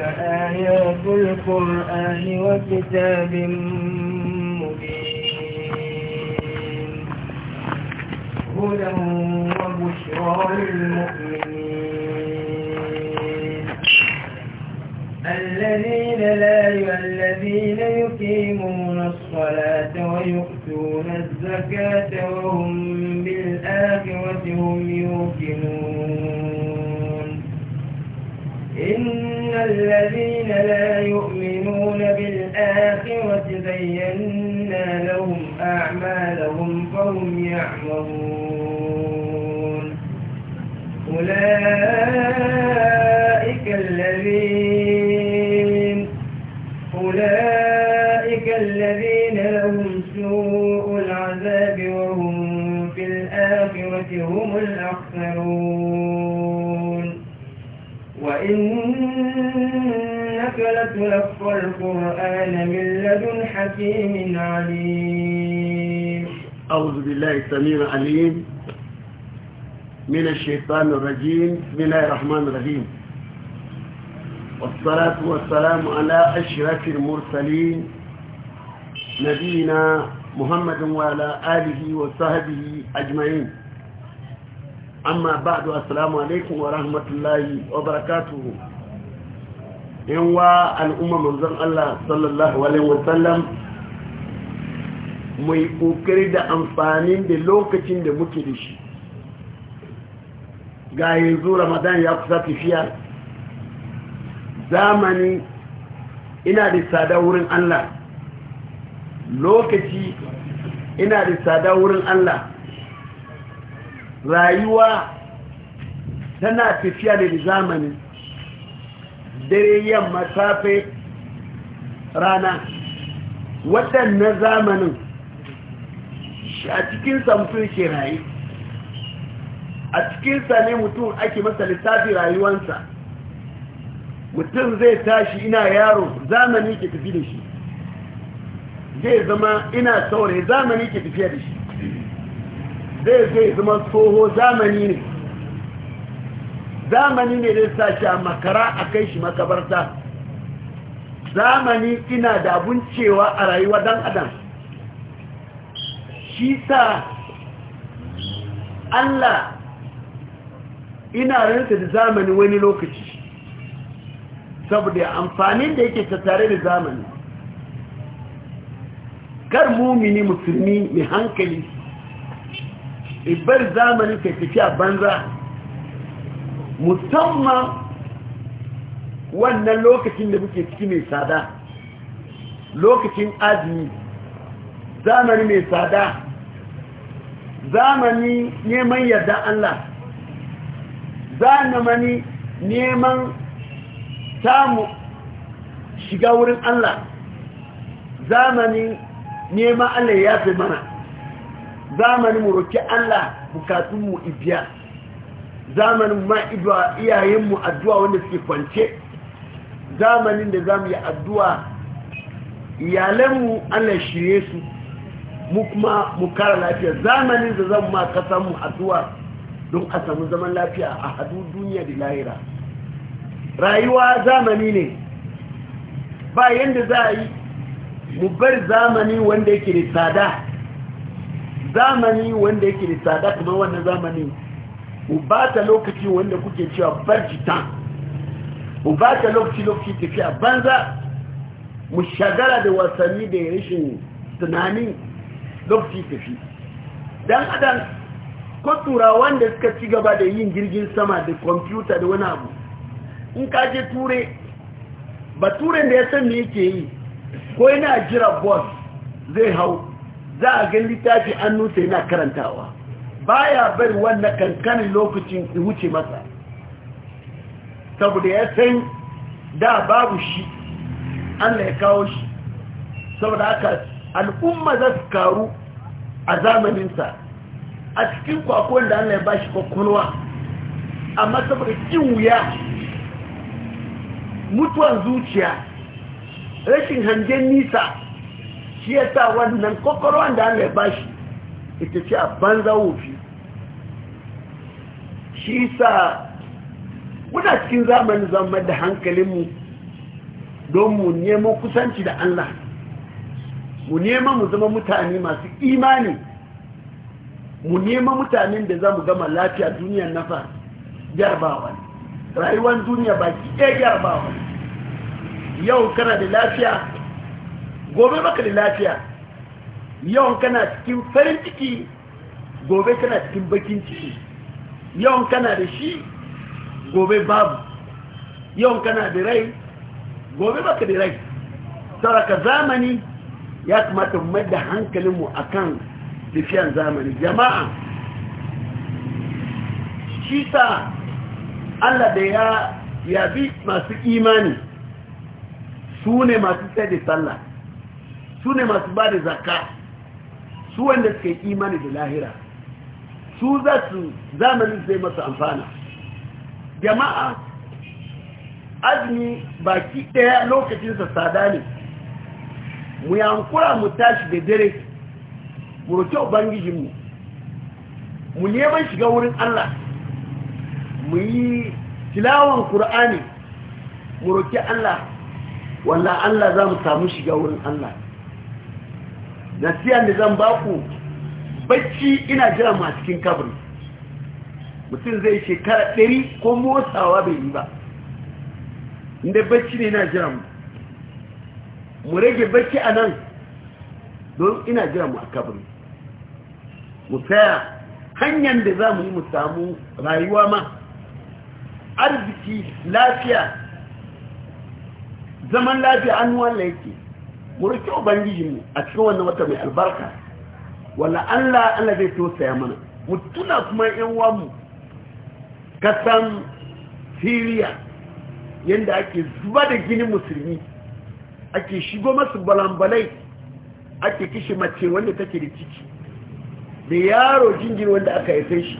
فآيات القرآن وكتاب مبين هدى وبشرى للمؤمنين الذين لا الذين يقيمون الصلاة ويؤتون الزكاة وهم بالآخرة هم يوقنون إن الذين لا يؤمنون بالآخرة زينا لهم أعمالهم فهم يعمرون أولئك الذين أولئك الذين لهم سوء العذاب وهم في الآخرة هم الأخرون وإنك لتلقى القرآن من لدن حكيم عليم أعوذ بالله السميع العليم من الشيطان الرجيم بسم الله الرحمن الرحيم والصلاة والسلام على أشرف المرسلين نبينا محمد وعلى آله وصحبه أجمعين amma ba da assalamu alaikum wa rahmatullahi wa barakatuhu yan wa al'umma manzon Allah sallallahu alaihi wa sallam mai kokari da amfani da lokacin da muke da shi ga yanzu ramadan ya kusa tafiya zamani ina da tsada wurin Allah lokaci ina da tsada wurin Allah rayuwa tana tafiya da zamani dare yamma safe rana waɗannan zamanin a cikinsa mutum ke rayu a cikinsa ne mutum ake masa lissafi rayuwansa mutum zai tashi ina yaro zamani ke tafi da shi zai zama ina saurayi zamani ke tafiya da shi zai zai zama tsoho zamani ne zamani ne zai sa shi a makara a kai shi makabarta zamani ina da abun cewa a rayuwa dan adam shi sa allah ina ranta da zamani wani lokaci saboda amfanin da yake ta tare da zamani kar mumini musulmi mai hankali ibar zamani ke a banza musamman wannan lokacin da muke ciki mai tsada lokacin azumi zamani mai tsada zamani neman yarda Allah zamani neman samu shiga wurin Allah zamani neman Allah ya fi mana zamanin mu roki Allah bukatun mu ibiya zamanin ma idwa iyayen mu addu'a wanda suke kwance zamanin da zamu yi addu'a iyalan mu Allah shirye su mu kuma mu kara lafiya zamanin da zamu ma kasan mu addu'a don a samu zaman lafiya a hadu duniya da lahira rayuwa zamani ne ba yanda za a yi mu bar zamani wanda yake da tsada zamani wanda yake da tsada kuma wannan zamani ku ba lokaci wanda kuke cewa barjitan ku ba ta lokaci lokaci tafiya banza mu shagara da wasanni da rashin tunanin lokaci tafi dan adam ko turawan da suka ci gaba da yin jirgin sama da kwamfuta da wani abu in ka je ture ba Ture da ya san me yake yi ko yana jira bas zai hau za a gan littafi an nuta yana karantawa Ba y'a bari wannan kankanin lokacin in wuce masa saboda ya san da babu shi an ya kawo shi saboda aka al'umma za su karu a zamaninsa a cikin kwakwon da an ya ba shi kwakwalwa amma saboda kin wuya mutuwan zuciya rashin hangen nisa shi ya sa wannan kwakwalwan da Allah ya bashi ita ce a banza wofi shi sa muna cikin zamanin zama da hankalinmu don mu nemo kusanci da Allah mu nema mu zama mutane masu imani mu nema mutanen da za mu gama lafiya duniyar nafa yarbawa rayuwar duniya baki ɗaya yarbawa yau kana da lafiya gobe maka da lafiya yawan kana cikin farin ciki gobe kana cikin bakin ciki yawan kana da shi gobe babu yawan kana da rai gobe maka da rai saraka zamani ya kamata mu mai da hankalinmu kan tafiyan zamani jama'a shi sa Allah da ya yabi masu imani su ne masu sai da sallah su ne masu ba da zaka su wanda suka yi imani da lahira su za su zamanin zai masu amfana jama'a azumi baki ɗaya lokacinsa tsada ne mu yankura mu tashi da dare mu roƙi ubangijinmu mu neman shiga wurin allah mu yi tilawan ƙur'ani mu roƙi allah wallah allah za mu samu shiga wurin allah nasiya da zan baku bacci ina jira ma cikin kabri mutum zai shekara ɗari ko motsawa bai yi ba inda bacci ne ina jira mu mu rage bacci a nan don ina jira mu a kabri mu tsaya hanyar da za mu yi mu samu rayuwa ma arziki lafiya zaman lafiya an wala yake mu ubangiji mu a cikin wannan wata mai albarka wala Allah Allah zai tosaya mana mu tuna kuma yan mu kasan Syria yanda ake zuba da ginin musulmi ake shigo masu balambalai ake kishi mace wanda take da ciki da yaro jingin wanda aka haife shi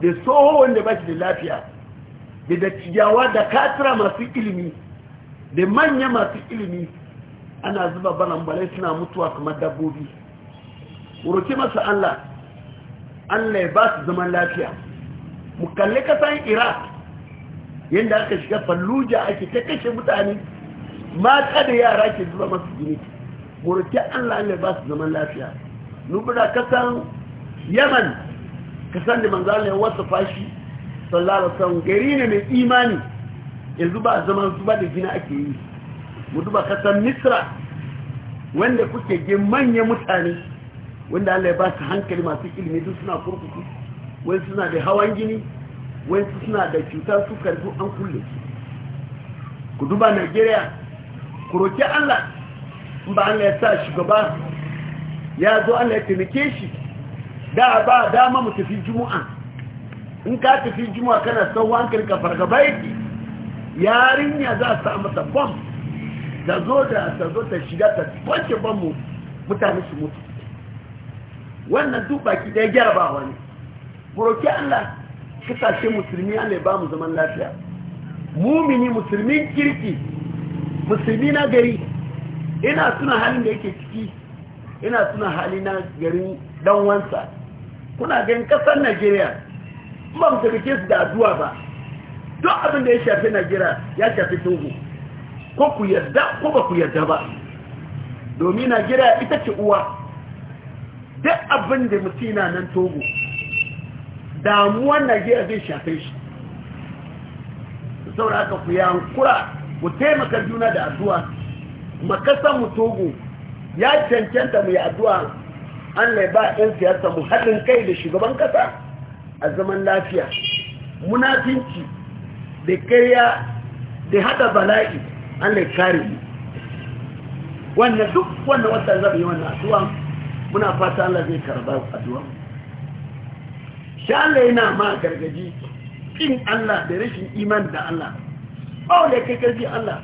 da soho wanda ba shi da lafiya da dattijawa da katira masu ilimi da manya masu ilimi ana zuba balambalai suna mutuwa kamar dabbobi roki masa Allah Allah ya ba su zaman lafiya mu kalli kasan iraq yadda aka shiga falluja ake ta kashe mutane mata da yara ke zuba masu jini mu roki Allah Allah ya ba su zaman lafiya nubura kasan yaman kasan da manzalin wasu fashi sallallahu alaihi gari ne mai imani yanzu ba zaman zuba da jini ake yi mu duba kasar misra wanda kuke gin manyan mutane wanda allah ya ba su hankali masu ilimi duk suna kurkuku wani suna da hawan gini wani suna da cuta su karfi an kulle su ku duba nigeria ku roƙi allah In ba allah ya sa shugaba ya zo allah ya taimake shi da ba dama mu tafi juma'a in ka tafi juma'a kana sauwa hankali ka fargaba yake yarinya za a sa masa bomb ta zo da ta zo ta shiga ta kwanke ban mu mutane su mutu wannan duk baki gyara ba wani roki Allah kasashe musulmi Allah ya ba mu zaman lafiya mumini musulmin kirki musulmi na gari ina suna halin da yake ciki ina suna hali na garin dan wansa kuna ganin kasar Najeriya ba mu tafi su da addu'a ba duk abin da ya shafi Najeriya ya shafi Togo ko ku yarda ko ba ku yarda ba domin Najeriya ita ce uwa duk abin da mutum na nan togo na Najeriya zai shafe shi saboda aka ku yankura ku taimaka juna da addu'a makasan mu togo ya cancanta mu yi addu'a Allah ya ba 'yan siyasa mu haɗin kai da shugaban ƙasa a zaman lafiya munafinci da kariya da hada bala'i Allah ya kare mu wannan duk wannan wata zabi wannan addu'a muna fata Allah zai karba addu'a sha Allah yana ma gargaji kin Allah da rashin iman da Allah ba wanda kai karfi Allah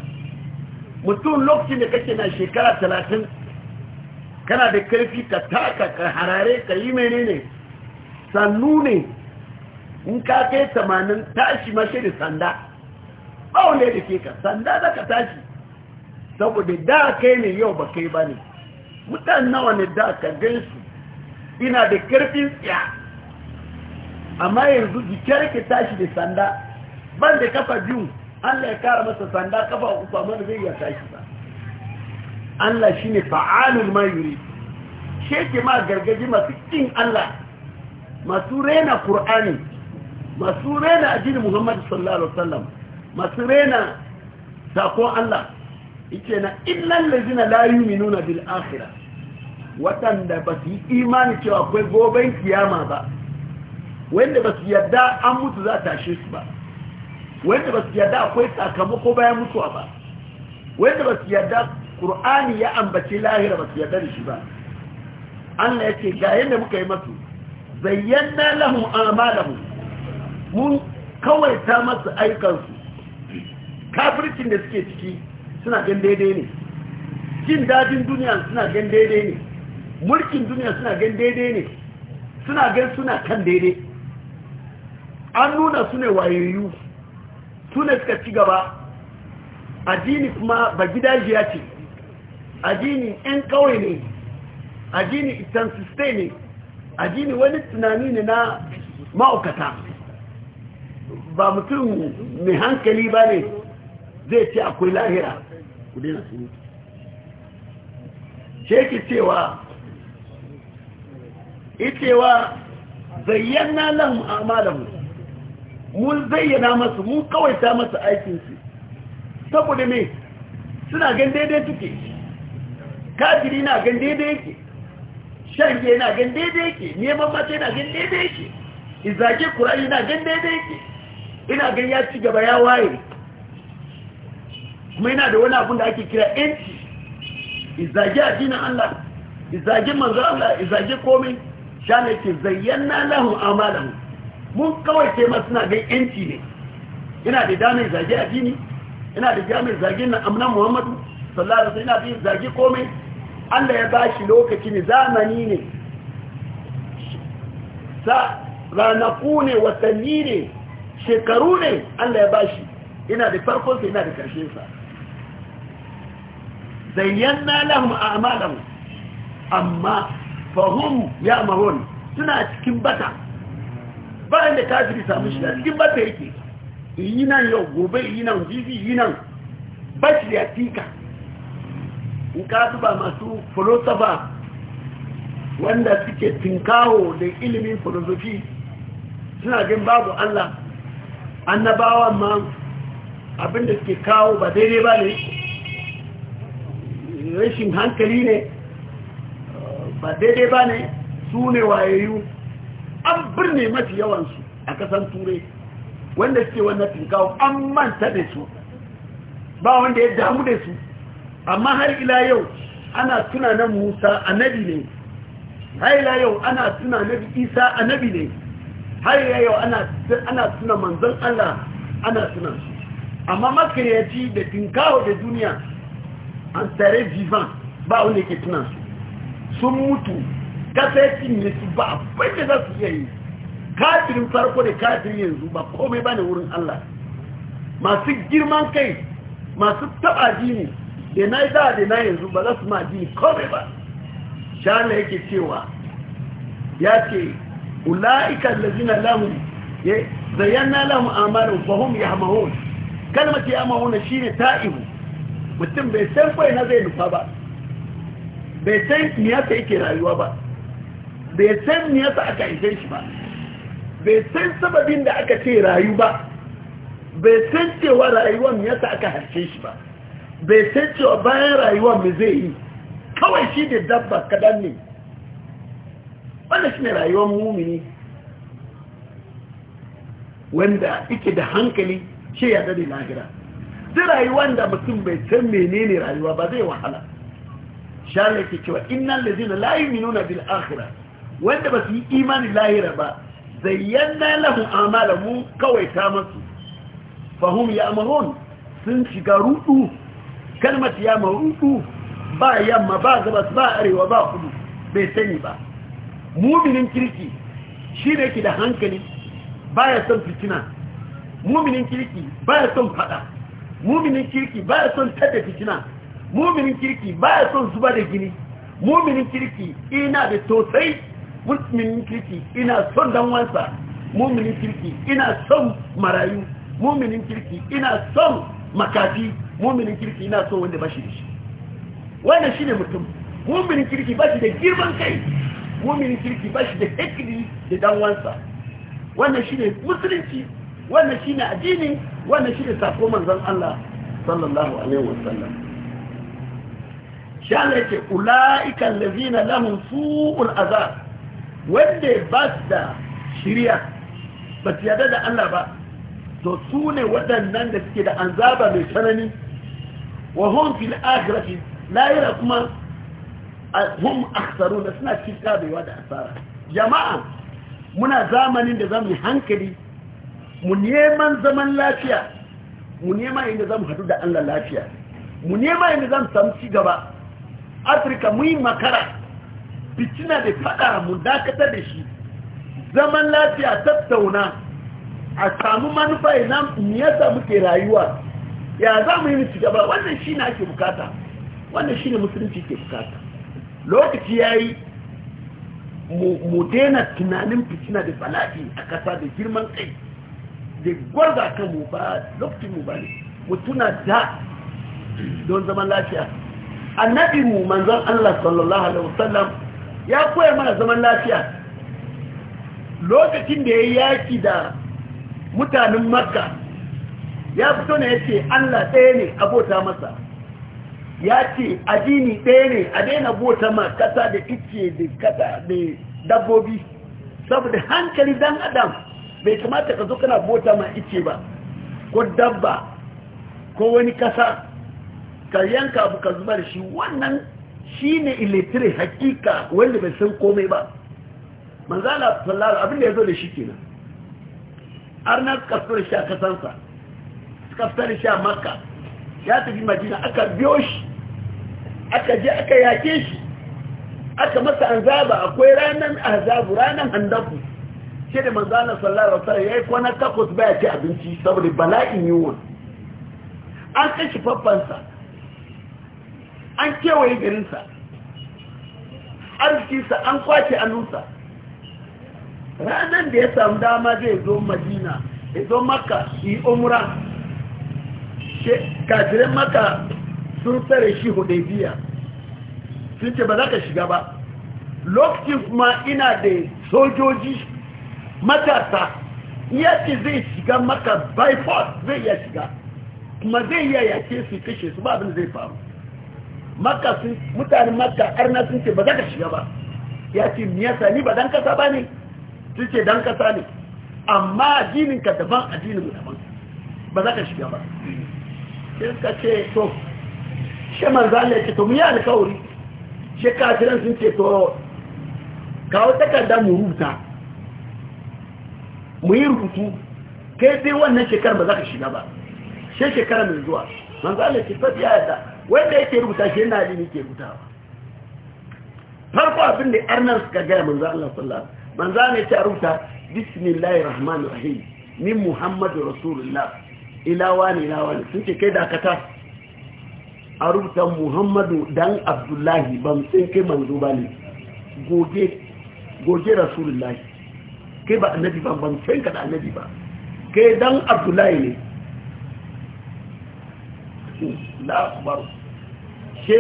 mutum lokacin da kake na shekara talatin kana da karfi ka taka ka harare ka yi menene sannu ne in ka kai tamanin tashi mashi da sanda bawon ne da ke ka sanda za ka tashi saboda da kai ne yau ba kai ba ne mutan nawa ne da ka su? ina da karfin tsiya amma yanzu jikiyar ke tashi da sanda ban da kafa biyu allah ya kara masa sanda kafa uku amma da zai iya tashi ba allah shi ne fa'alul mayuri sheke ma gargaji masu ƙin allah masu rena ƙur'ani masu rena ajini muhammadu sallallahu alaihi wasallam masu rena sakon Allah yake na illan layu mai nuna bil akhirah watanda ba su yi imani cewa akwai goben kiyama ba wanda ba su yadda an mutu za ta shi su ba wanda ba su yadda akwai sakamako bayan mutuwa ba wanda ba su yadda ƙur'ani ya ambaci lahira ba su yadda da shi ba Allah ya ce ga yadda muka yi masu zayyana lahun amalahun mun kawai ta masu aikansu kafircin da suke ciki suna gan daidai ne jin dadin duniya suna gan daidai ne mulkin duniya suna gan daidai ne suna gan suna kan daidai an nuna su ne wayoyi su ne suka ci gaba adini kuma ba gidajiya ce adini 'yan kawai ne itan itansiste ne adini wani tunani ne na ma'aukata ba mutum mai hankali ba ne zai ce akwai lahira ku daina su sheki cewa itewa zayyana lahum a'malam mun zayyana masu mun kawai ta masu aikinsu saboda me suna gan daidai take kafiri na gan daidai yake shange na gan daidai yake neman mace na gan daidai yake izage kurani na gan daidai yake ina gan ya ci gaba ya waye kuma yana da wani abun da ake kira yanci izage jinin Allah izage manzo Allah izage komai shane yake zayyana a amalahum mun kawai ce masu na ga yanci ne ina da damar zage jini ina da damar zage na amnan Muhammadu sallara sai ina da zage komai Allah ya bashi lokaci ne zamani ne sa ranaku ne watanni ne shekaru ne Allah ya bashi ina da farkonsa ina da sa. zayyana lahum a'malahum amma fahum ya'marun suna cikin bata bayan da kafiri samu shi cikin bata yake yi nan yau gobe yi nan jibi yi nan bashi ya tika in ka ba masu filosofa wanda suke tinkawo da ilimin filosofi suna jin babu Allah annabawa ma abinda suke kawo ba daidai ba ne rashin hankali ne ba daidai ba ne su ne wayayyu an birne mafi yawansu a kasan turai wanda suke wannan tinkawo an manta da su ba wanda ya damu da su amma har ila yau ana tunanin musa a nabi ne har ila yau ana tunanin isa a nabi ne har ila yau ana suna manzan allah ana tunan su amma makayaci da tinkawo da duniya an tsare vivant ba wanda ke tunan su sun mutu kasaitin ne su ba abin da za su iya yi kafirin farko da kafirin yanzu ba komai ba ne wurin Allah masu girman kai masu taba jini da na da da na yanzu ba za su ma jini komai ba shana yake cewa ya ce da zina lamun ya zayyana lamun amalin fahim ya hamahun kalmata ya mahuna shi ne ta'ihu mutum bai san kwai na zai nufa ba bai san niyasa yake rayuwa ba bai san niyasa aka ishe shi ba bai san sababin da aka ce rayu ba bai san cewa rayuwa niyasa aka harshe shi ba bai san cewa bayan rayuwa mai zai yi kawai shi da dabba kadan ne wanda shi ne rayuwar mumini wanda ike da hankali shi ya da lahira duk rayuwan da mutum bai san menene rayuwa ba zai wahala shari'a ke cewa na layi mino na bil akira wanda ba su yi imani lahira ba zayyana amala mu kawai ta masu fahim ya ya'marun sun shiga rudu kalmat ya ba yamma ba gabas ba arewa ba kudu bai sani ba muminin kirki shi ne ki da hankali ba ya son fitina muminin kirki ba ya son fada muminin kirki ba ya son tada fitina muminin kirki ba ya son zuba da gini muminin kirki ina da tosai muminin kirki ina son danwansa muminin kirki ina son marayu muminin kirki ina son makafi muminin kirki ina son wanda ba shi da shi wanda shi ne mutum muminin kirki ba shi da girman kai muminin kirki ba shi da hekiri da danwansa wannan shi ne musulunci wannan shi ne addini wannan shi ne sako manzan Allah sallallahu alaihi wasallam shi Allah yake ula'ika allazina lahum su'ul azab wanda ba su da shiriya ba su yarda da Allah ba to su ne waɗannan da suke da anzaba mai tsanani wa hum fil akhirati lahira kuma hum da suna cikin kabewa da asara jama'a muna zamanin da zamu hankali mu neman zaman lafiya mu nema inda zamu hadu da Allah lafiya mu nema inda zamu samu ci gaba Afirka mu yi makara fitina da fada mu dakatar da shi zaman lafiya tattauna a samu manufa ina mu yasa muke rayuwa ya za mu yi ci gaba wannan shi ne ake bukata wannan shi ne musulunci ke bukata lokaci ya yi mu daina tunanin fitina da bala'i a kasa da girman kai da gwarza kan mu ba lokacin mu ne mutuna da don zaman lafiya annabi mu manzon Allah sallallahu alaihi wasallam ya koya mana zaman lafiya lokacin da yayi yaki da mutanen makka ya fito ne ya Allah ɗaya ne abota masa ya ce ajini ɗaya ne a daina bota ma kasa da ice da kasa da dabbobi saboda hankali dan adam bai kamata ka zo kana bota ma ice ba ko dabba ko wani kasa ka yanka abu ka zubar shi wannan shi ne iletire hakika wanda bai san komai ba manzana sallara abinda ya zo da shi kenan arna suka fito da shi a kasansa suka da shi a makka ya tafi majina aka biyo shi aka je aka yake shi aka masa an zaba akwai ranar azabu ranar handabu ce da manzanar sallallahu wasallam ya yi kwana takwas ya ci abinci saboda bala'in won an kashi faffansa an kewaye garinsa sa an kwace anusa ranar da ya samu dama zai zo madina ya zo maka yi umra kafirin maka sun tsare shi hudaybiya sun ce ba za ka shiga ba lokacin kuma ina da sojoji matasa ya ce zai shiga maka by force zai iya shiga kuma zai iya yake su kashe su ba zai faru maka sun mutane maka arna sun ce ba za ka shiga ba ya ce miyasa ni ba dan kasa ba ne sun ce dan kasa ne amma ka daban addinin daban ba za ka shiga ba sai ka ce to shi manzana ya ce to miya alkawari shi kafiran sun ce to kawo takardar mu rubuta mu yi rubutu kai sai wannan shekarar ba za ka shiga ba sai shekarar mai zuwa manzo Allah ki fadi yadda wanda yake rubuta shi yana ne ke rubutawa farko abin da arnar suka ga manzo Allah sallallahu alaihi wasallam ne ta rubuta bismillahi rahmanir rahim min muhammadu rasulullah ila wani ila wani sun ce kai dakata a rubuta muhammadu dan abdullahi ba mu sai kai manzo ba ne goge goge rasulullahi kai ba annabi ba ban san ka da annabi ba kai dan abdullahi ne la akbar she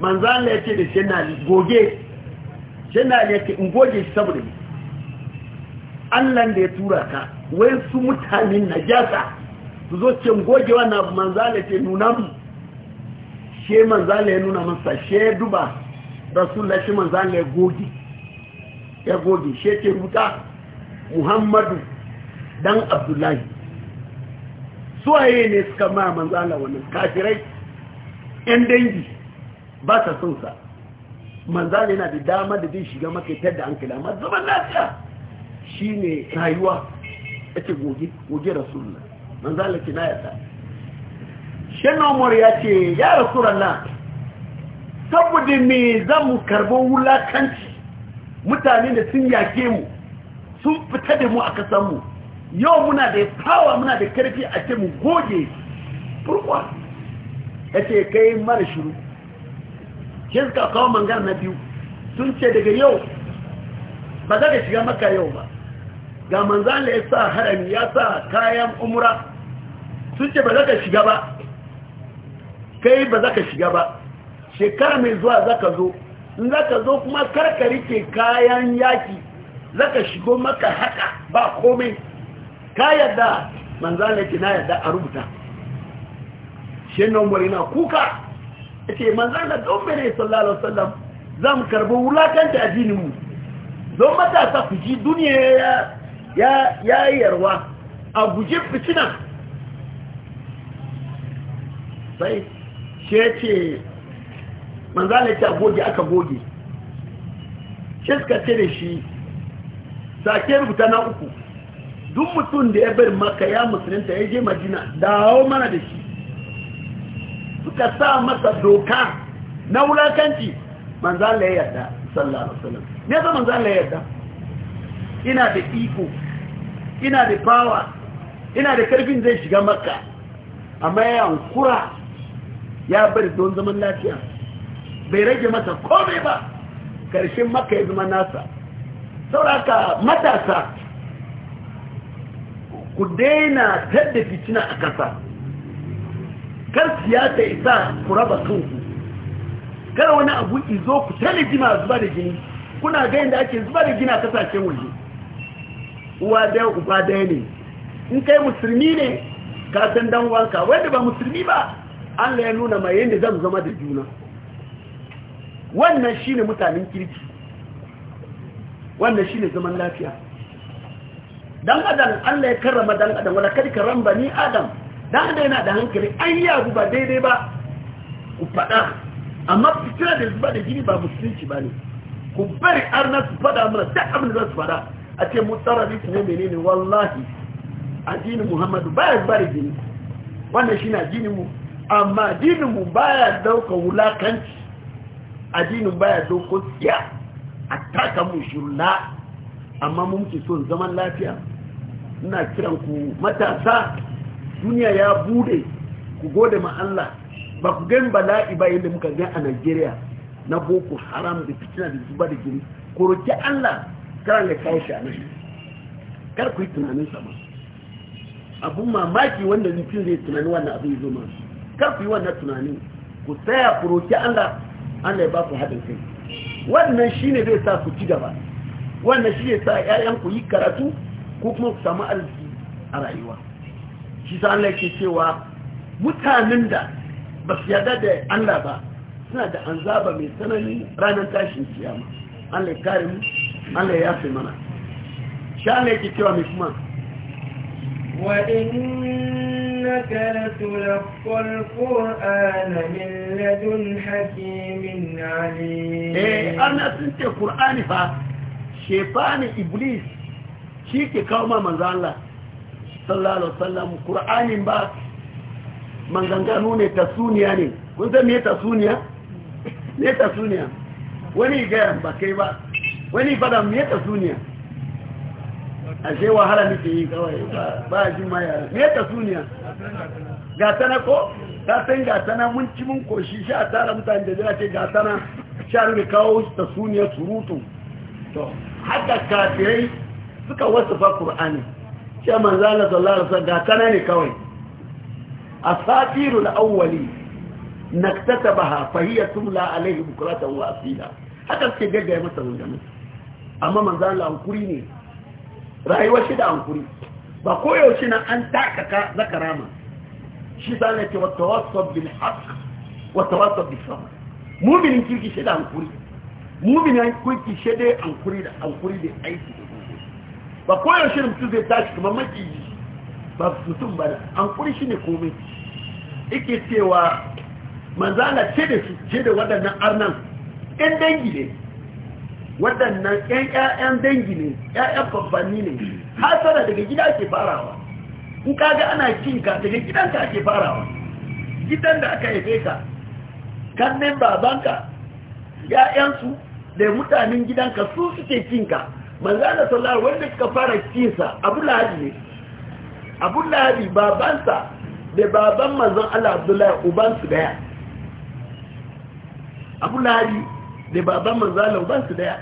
manzan la yake da na goge shena na ke in goge shi saboda ni Allah da ya tura ka wai su mutanen najasa su zo ce goge wannan manzan la ce nuna mu she manzan la ya nuna masa she duba rasulullahi shi manzan la ya goge ya goge shi ke rubuta muhammadu dan abdullahi suwaye ne suka ma manzala wannan kafirai yan dangi ba sa son sa manzala yana da dama da zai shiga makaitar da hankali amma zaman lafiya shi ne rayuwa ake goge goge rasulullah manzala ki na yasa shan umar ya ce ya rasulullah saboda me zan mu karbo wulakanci mutane da sun yake mu sun fita da mu a kasanmu yau muna da fawa muna da karfi a ce mu goge furkwa ya ce kai mara shiru shi suka kawo mangar na biyu sun ce daga yau ba za ka shiga maka yau ba ga manzana ya sa harami ya sa kayan umura sun ce ba za ka shiga ba kai ba za ka shiga ba shekara mai zuwa za ka zo za ka zo kuma karkari ke kayan yaki za ka shigo maka haka ba komai ka yadda manzana ke na yadda a rubuta shi nomori na kuka ya ce manzana don bere sallallahu sallam za mu karbi wulakanta mu don matasa ku duniya ya yarwa a guji fitina sai shi ce manzala ya a goge aka goge shi suka da shi sake rubuta na uku duk mutum da ya bar maka ya musulunta ya je majina dawo mana da shi suka sa masa doka na wulakanci manzala ya yarda sallallahu alaihi wasallam ne zama manzala ya yarda ina da iko ina da power ina da karfin zai shiga makka amma ya hankura ya bari don zaman lafiya bai rage masa komai ba karshen maka ya zama nasa sauraka matasa ku daina tadda fitina a kasa kar siyasa isa ku raba kanku kar wani abu izo ku talibima zuba da jini kuna ga yadda ake zuba da gina kasashen waje uwa daya uba daya ne in kai musulmi ne kasan dan wanka wanda ba musulmi ba Allah ya nuna mai yadda zan zama da juna wannan shi ne mutanen kirki wannan shi ne zaman lafiya dan adam Allah ya karrama dan adam wala kad ramba ni adam dan adam yana da hankali an yi abu ba daidai ba ku fada amma fitira da zuba da jini ba musulunci ba ne ku bari arna su fada mana duk abin da za su fada a ce mu tsara ne ne menene wallahi addinin muhammadu baya bari jini wannan shi na addinin mu amma addinin mu baya ɗaukar wulakanci addinin baya zo ko siya a taka mu shirla amma mun fi son zaman lafiya ina kiran ku matasa duniya ya bude ku gode ma Allah ba ku gani bala'i ba yadda muka gani a Najeriya na boko haram da fitina da zuba da gini ku roki Allah kar ne kawo shi a nan kar ku yi tunanin sama abun mamaki wanda mutum zai tunani wannan abin zo ma kar ku yi wannan tunanin ku tsaya ku roki Allah Allah ya ba su haɗin kai wannan shine zai sa ku ci gaba wannan shi ne sa ku yi karatu ko kuma ku samu arziki a rayuwa shi sa Allah yake cewa mutanen da ba su yada da Allah ba suna da zaba mai tsanani ranar tashin siyama Allah ya kare mu Allah ya yafe mana shi Allah yake cewa mai kuma wa إنك لتلقى القرآن من لدن حكيم عليم إيه أنا سنت القرآن فا شيطان إبليس شيك كوما من ذا الله صلى الله عليه وسلم قرآن با من غنغانو تسوني يعني كنت kun تسوني me تسوني وني جاء wani ga ba kai ba wani ashe wahala nike yi kawai ba a jin ma ne ta suniya ga tana ko ta san ga tana mun ci mun koshi sha tara mutane da jira ce ga tana sha rufe kawo ta suniya surutu to haka kafirai suka wasufa qur'ani ce manzala sallallahu alaihi ga tana ne kawai a asatirul awwali naktatabaha fahiya tumla alaihi bukratan wa asila haka suke gaggaya masa wannan amma manzala hankuri ne rayuwar shi da hankuri ba koyaushe na an takaka zaka rama shi zane ce wata tawassab bin haqq wata tawassab bin sama mu'minin kirki shi da hankuri mu'minin kirki shi da hankuri da hankuri da aiki ba koyaushe mutum zai tashi kuma maki ba mutum ba da hankuri shi ne komai ike cewa manzana ce da su ce da waɗannan arnan ɗan dangi ne waɗannan ƴan ƴaƴan dangi ne ƴaƴan babbanni ne hasara daga gida ke farawa in kaga ana cin ka daga gidanka ke farawa gidan da aka haife ka kannin babanka ƴaƴansu da mutanen gidanka su suke cin ka manzo Allah sallallahu wanda suka fara cin sa Abu lahabi ne Abu Lahab babansa da baban manzon Allah Abdullahi ubansu daya Abu lahabi da baban manzala ubansu daya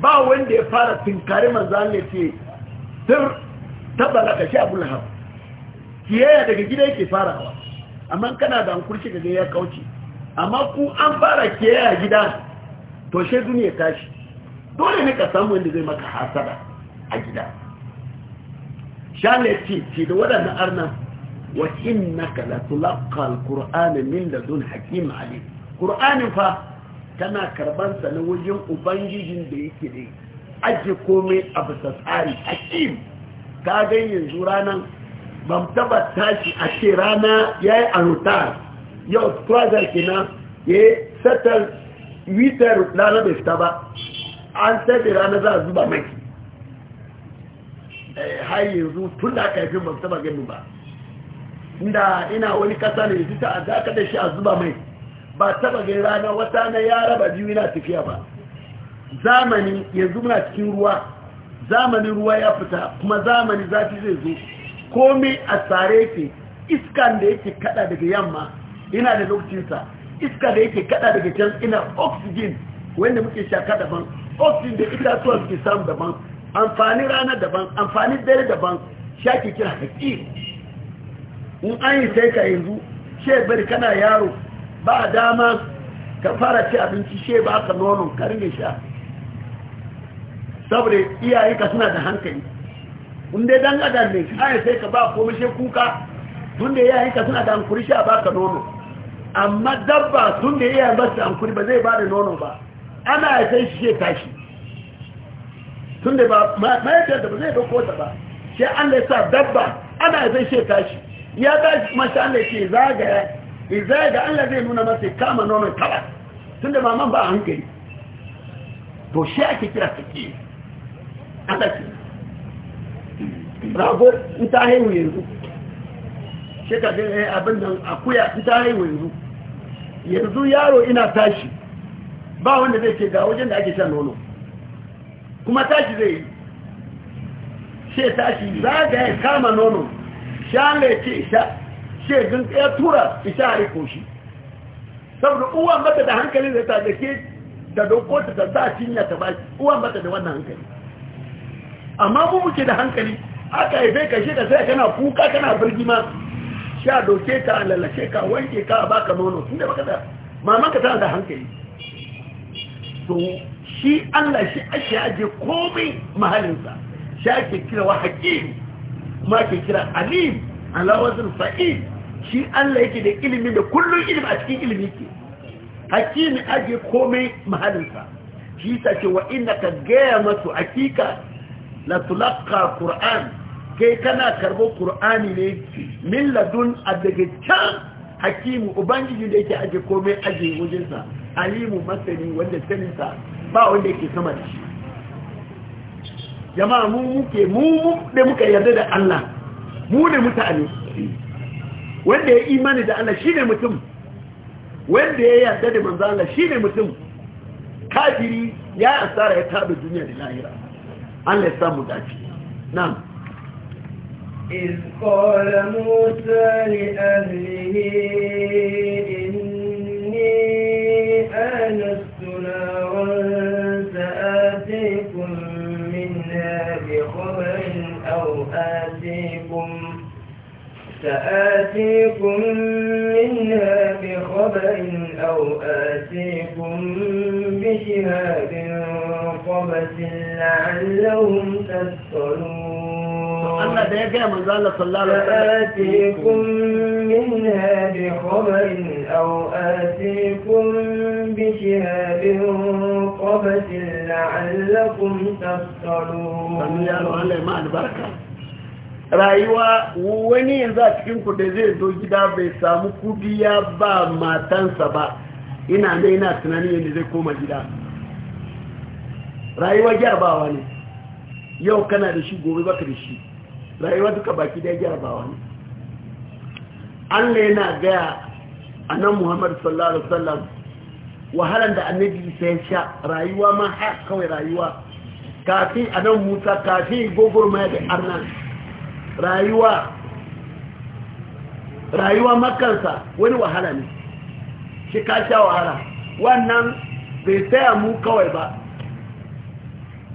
ba wanda ya fara tinkari manzan ne ce sir ka shi abu lahab kiyaya daga gida yake farawa amma kana da hankurci ga ya kauce amma ku an fara kiyaya gida to shi duniya tashi dole ne ka samu wanda zai maka hasara a gida shane ce ce da waɗannan arna. wa innaka la tulaqqa al-qur'ana min ladun hakim alim qur'anin fa tana karban sa na wajen ubangijin da yake ne aje komai a bisa tsari hakim ta ga yanzu ranan ban taba tashi a ce rana ya yi arutar yau trazar kina ya yi satar witar rana bai fita ba an sai rana za a zuba mai eh, har yanzu tun da aka haifin ban taba gani ba inda ina wani kasa ne ya fita a zaka da shi a zuba mai ba taba gani rana wata na ya raba biyu yana tafiya ba zamani yanzu muna cikin ruwa zamanin ruwa ya fita kuma zamani zafi zai zo komai a tsare ke iskan da yake kada daga yamma ina da lokacinsa iska da yake kada daga can ina oxygen wanda muke shaka daban oxygen da suwa suke samu daban amfani rana daban amfani dare daban shaki kira haƙi in an yi sai ka yanzu shebar kana yaro ba dama ka fara ci abinci she ba ka nono karni sha saboda iyaye ka suna da hankali inda dan adam ne ai sai ka ba komai she kuka tunda iyaye ka suna da hankuri sha ba ka nono amma dabba tunda iyaye ba su hankuri ba zai ba da nono ba ana sai shi she tashi tunda ba mahaifiyar da ba zai dauko ta ba sai an da sa dabba ana sai she tashi ya ga kuma sai ke zagaya izaya da Allah zai nuna masa kama nomin nonon tun tunda maman ba hankali to shi ake kira suke, Allah ce rago in ta haihu yanzu shi ka jin eh, abin nan akuya in ta haihu yanzu yanzu yaro ina tashi ba wanda zai ce ga wajen da ake shan nono kuma tashi zai yi sai tashi zagaya kama nono sha ce sha shegin ya tura shi a riko shi saboda uwa mata da hankali da ta dake da dokota ta sa cinya ta baki uwa mata da wannan hankali amma mu muke da hankali aka yi ka kashe ka sai kana kuka kana birgima sha doke ka lalace ka wanke ka baka nono tun da baka da maman ka tana da hankali to shi Allah shi ashe aje komai mahalinsa shi ake kira wa hakim ma ke kira alim alawazin wazin shi Allah yake da ilimi da kullum ilimi a cikin ilimi ke hakimi aje komai mahalinsa shi ta ce wa inda ka gaya masu hakika na tulaka qur'an kai kana karbo qur'ani ne min ladun daga can hakimu ubangiji da yake aje komai aje wajensa alimu masani wanda saninsa ba wanda yake sama da shi jama'a mu muke mu da muka yarda da Allah mu ne mutane wanda ya imani da Allah shine mutum wanda ya yarda da manzo Allah shine mutum kafiri ya asara ya tabi duniya da lahira Allah ya samu dace na'am إذ قال موسى لأهله إني آنست نارا سآتيكم منها بخبر أو آتيكم سآتيكم منها بخبر أو آتيكم بشهاب قبس لعلهم تسألون سآتيكم منها بخبر أو آتيكم بشهاب قبس لعلكم تسألون rayuwa wani yanzu a cikin kudai zai zo gida bai samu kudi ya ba matansa ba ina ne ina tunanin yadda zai koma gida rayuwa gyarbawa ne yau kana da shi gobe baka da shi rayuwa duka baki da gyarbawa ne allah yana gaya a nan muhammad sallallahu alaihi wasallam wahalar da annabi sai sha rayuwa ma kawai rayuwa kafin a nan musa kafin gogor ma da arnan rayuwa rayuwa makarsa wani wahala ne shi ka sha wahala wannan bai taya mu kawai ba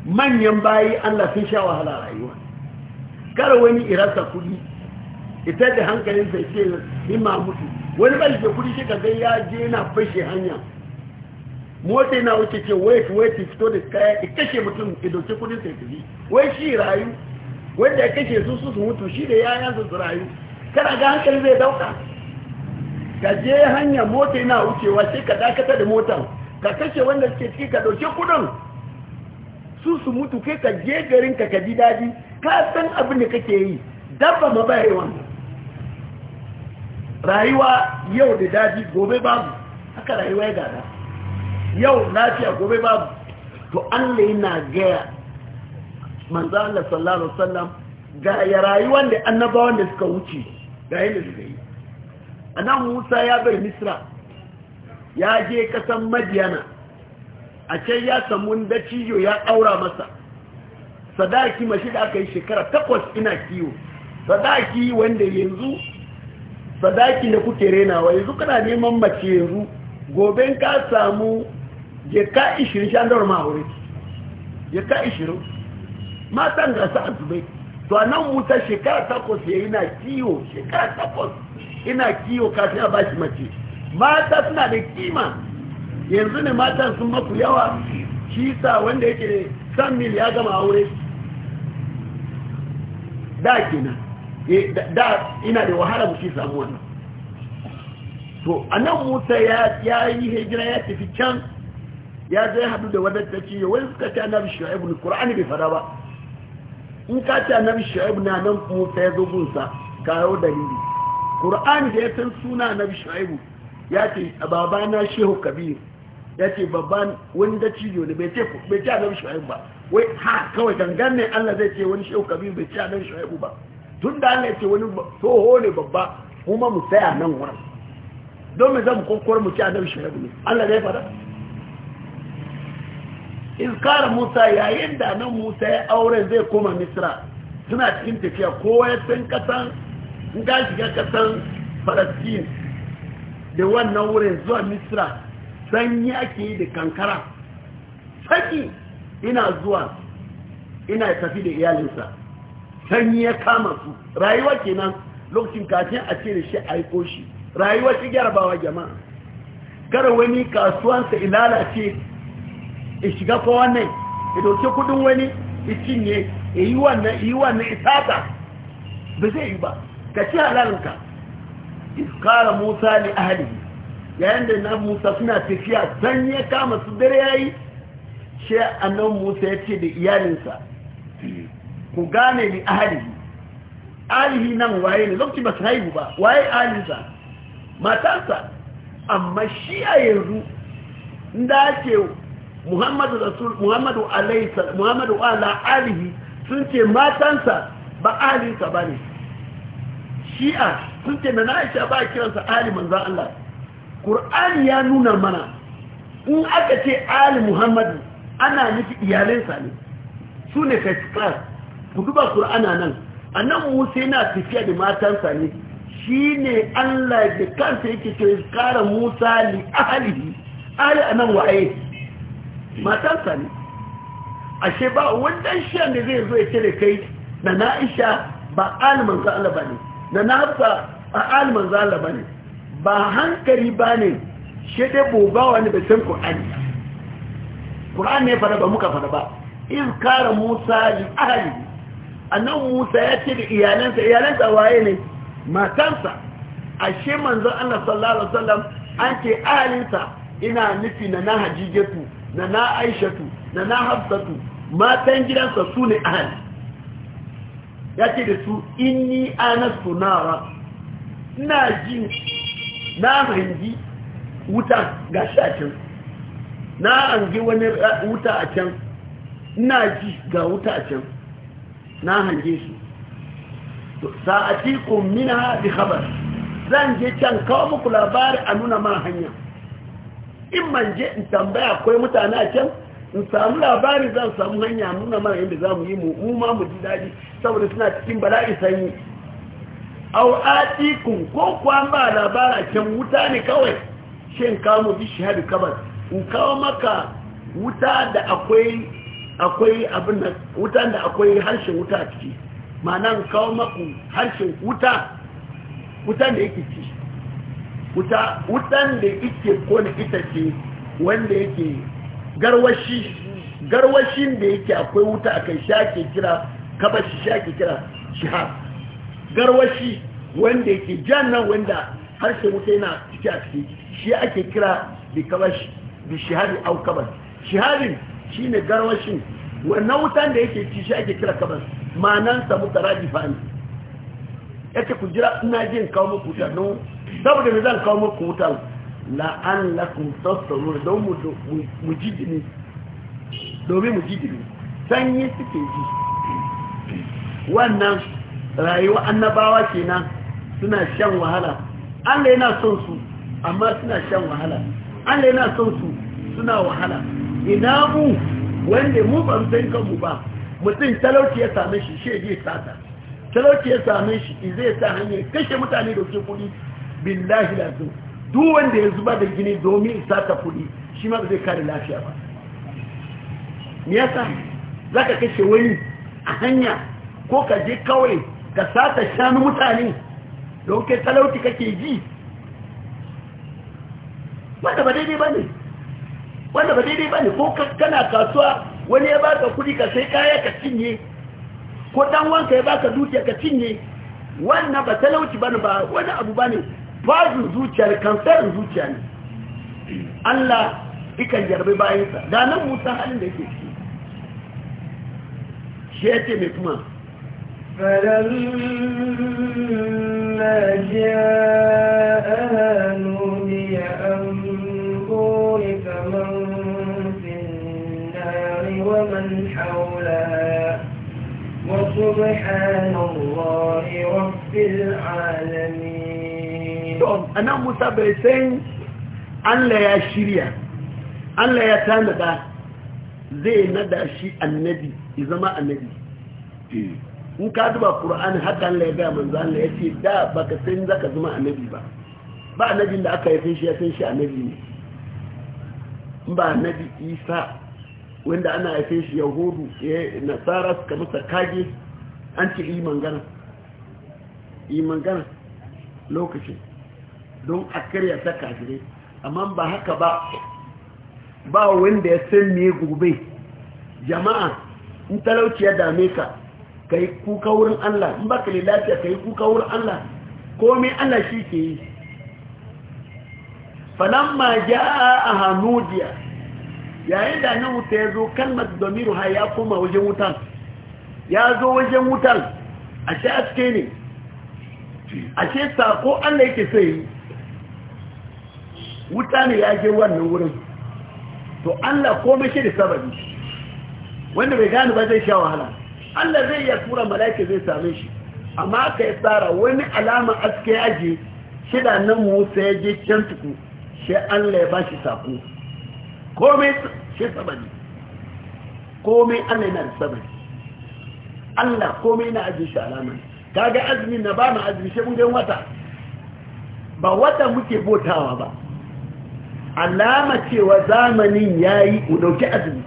manyan bayi Allah sun sha wahala rayuwa kar wani irasa kudi ita da hankalin sai ce himma mutu wani bai ke kudi shi kaga ya je na fashe hanya mota na wuce ce wait wait fito da kaya ikashe mutum idoce kudin sai tafi wai shi rayu wanda ya kashe su su su mutu shi da yayan su rayu kana ga hankali zai dauka ka je hanya mota yana wucewa sai ka dakata da mota. ka kashe wanda suke ciki ka dauke kudin su su mutu kai ka je garin ka kaji daji ka san abin da kake yi dabba ma ba yi wannan rayuwa yau da daji gobe babu haka rayuwa ya gada yau lafiya gobe babu to Allah yana gaya manzo Allah sallallahu alaihi wasallam ga ya rayuwar da annabawan da suka wuce ga yanda suka yi anan Musa ya bar Misra ya je kasan Madiyana a can ya samu dacijo ya aura masa sadaki mashi da aka yi shekara takwas ina kiwo sadaki wanda yanzu sadaki da kuke renawa yanzu kana neman mace yanzu gobe ka samu jeka 20 shandar ma'aure jeka 20 matan ga sa zubai to a nan wuta shekara takwas ya yana kiyo shekara takwas ina kiyo kafin a bashi mace mata suna da kima yanzu ne matan sun maku yawa shi sa wanda yake san mil ya gama aure da kina, eh, da ina da wahala mu shi samu wannan to a nan musa ya yi hijira ya tafi can ya zai hadu da wadda ta wani suka ta na bishiya ibn kur'ani bai fada ba in ka ce annabi shu'aib na nan musa ya zo gunsa kawo dalili qur'ani da ya san suna annabi shu'aib ya ce babana shehu kabir ya ce babba wani dacijo ne bai ce bai ce annabi shu'aib ba wai ha kawai gangan ne Allah zai ce wani shehu kabir bai ce annabi shu'aib ba tun da Allah ya ce wani toho ne babba kuma mu tsaya nan wurin don me zamu kokor mu ce annabi shu'aib ne Allah zai fada iskara musa yayin da nan musa ya aure zai koma misra suna cikin tafiya kowa ya san kasan in shiga kasan falastin da wannan wurin zuwa misra sanyi ake da kankara saki ina zuwa ina tafi da iyalinsa sanyi ya kama su rayuwa kenan lokacin kafin a ce da shi aiko koshi. rayuwa shi gyarbawa jama'a kar wani kasuwansa ilalace ya shiga fa wannan ya dauke kudin wani ya cinye ya yi wannan yi wannan isata ba zai yi ba ka ci halalinka iskara musa ne ahali yayin da na musa suna tafiya zan ya kama su dare ya yi shi annan musa ya ce da iyalinsa ku gane ni ahali alihi nan waye ne lokaci ba su haihu ba waye alinsa matarsa amma shi a yanzu da ake muhammadu rasul muhammadu alaisa muhammadu ala alihi sun ce matansa ba alinsa ba ne shi'a sun ce na na'isha ba kiransa ali manzo Allah ƙur'ani ya nuna mana in aka ce ali muhammadu ana nufi iyalinsa ne su ne kaskar ku duba ƙur'ana nan a nan musa yana tafiya da matansa ne shi ne Allah da kansa yake ce kara musa li ahalihi ali a nan wa'aye matarsa ne ashe ba wannan shan da zai zo ya cire kai da na isha ba alman zalaba ne da na hafsa a alman zalaba ne ba hankali ba ne shi dai boba wani bai san ƙur'ani ƙur'ani ne fara ba muka fara ba in kara musa yi ahali annan musa ya ce da iyalansa iyalansa waye ne matansa ashe manzon Allah sallallahu alaihi wasallam an ce ahalinsa ina nufi na na hajijatu Na na aishatu da na hafsatu matan gidansa su ne ahal ya ce da su inni anastu nara na ji na hangi wuta ga shi a can na hangi wani wuta a can Na ji ga wuta a can na hange su sa'atikun mina bi khabar zan je can kawo muku labari a nuna ma hanya in manje in tambaya akwai mutane a can in samu labari zan samu hanya nuna mana yadda za mu yi mu ma mu ji daji saboda suna cikin bala'i sanyi au kun ko kwan ba labara can wuta ne kawai shi in kawo mu bishi hadu kabar in kawo maka wuta da akwai akwai abin da wuta da akwai harshen wuta a ciki ma'ana in kawo maku harshen wuta wuta da yake ciki wuta wutan da yake kone ce wanda yake garwashi garwashin da yake akwai wuta akan shake kira kabashi shake kira ha. garwashi wanda yake jannan wanda harshe wuta yana ciki a ciki shi ake kira da kabashi da shihari au kabas shiharin shine garwashin wannan wutan da yake ci shi ake kira kabas ma'anansa mutarajifa ne yake ku jira ina jin kawo muku da saboda me zan kawo muku wutan la'allakum tasawwur don mu jijini domin mu jijini sanyi suke ji wannan rayuwa annabawa kenan suna shan wahala Allah na son su amma suna shan wahala Allah na son su suna wahala ina mu wanda mu ba san kanmu ba mutum talauci ya same shi shi je sata talauci ya same shi zai ta hanyar kashe mutane da ke kudi billahi lazim duk wanda ya zuba da gini domin sa ta kuɗi shi ma zai kare lafiya ba ni yasa za ka kashe wani a hanya ko ka je kawai ka sata shanu mutane don kai talauci kake ji wanda ba daidai ba ne wanda ba daidai ba ne ko kana kasuwa wani ya baka kuɗi ka sai kaya ka cinye ko dan wanka ya baka dukiya ka cinye wannan ba talauci ba ba wani abu ba ne fajin zuciya da kansarin zuciya ne allah ikan jarbe bayansa da nan musa halin da yake ciki shi ya ce mai kuma فلما وسبحان الله رب العالمين don a musa bai san allah ya shirya allah ya tanada zai nada shi annabi ya zama annabi eh. in ka duba ƙura'an haka allah ya gaya manzo allah ya ce da baka ka san zaka zama annabi ba ba annabin da aka haifin shi ya san shi annabi ne ba annabi isa wanda ana haifin shi yahudu ya nasara suka masa kage an ce yi gana yi gana lokacin don a karya ta kafirai amma ba haka ba ba wanda ya san me gobe jama'a in talauci ya dame ka kai kuka wurin Allah in ka da lafiya kai kuka wurin Allah komai Allah shi ke yi falamma a hanudiya yayin da nan wuta ya zo kalmar domiru ha ya koma wajen wutan ya zo wajen wutan ashe aske ne ashe sako Allah yake sai wuta ne ya je wannan wurin to Allah komai shi da sababi wanda bai gane ba zai sha wahala Allah zai iya tura mala'ika zai same shi amma aka yi tsara wani alama aske aje shida nan Musa ya je can tuku shi Allah ya ba shi sako komai shi sababi komai Allah yana da sababi Allah komai na aje shi alama kaga azumi na ba mu azumi shi mun ga wata ba wata muke botawa ba alama cewa zamanin ya yi ku ɗauki azumi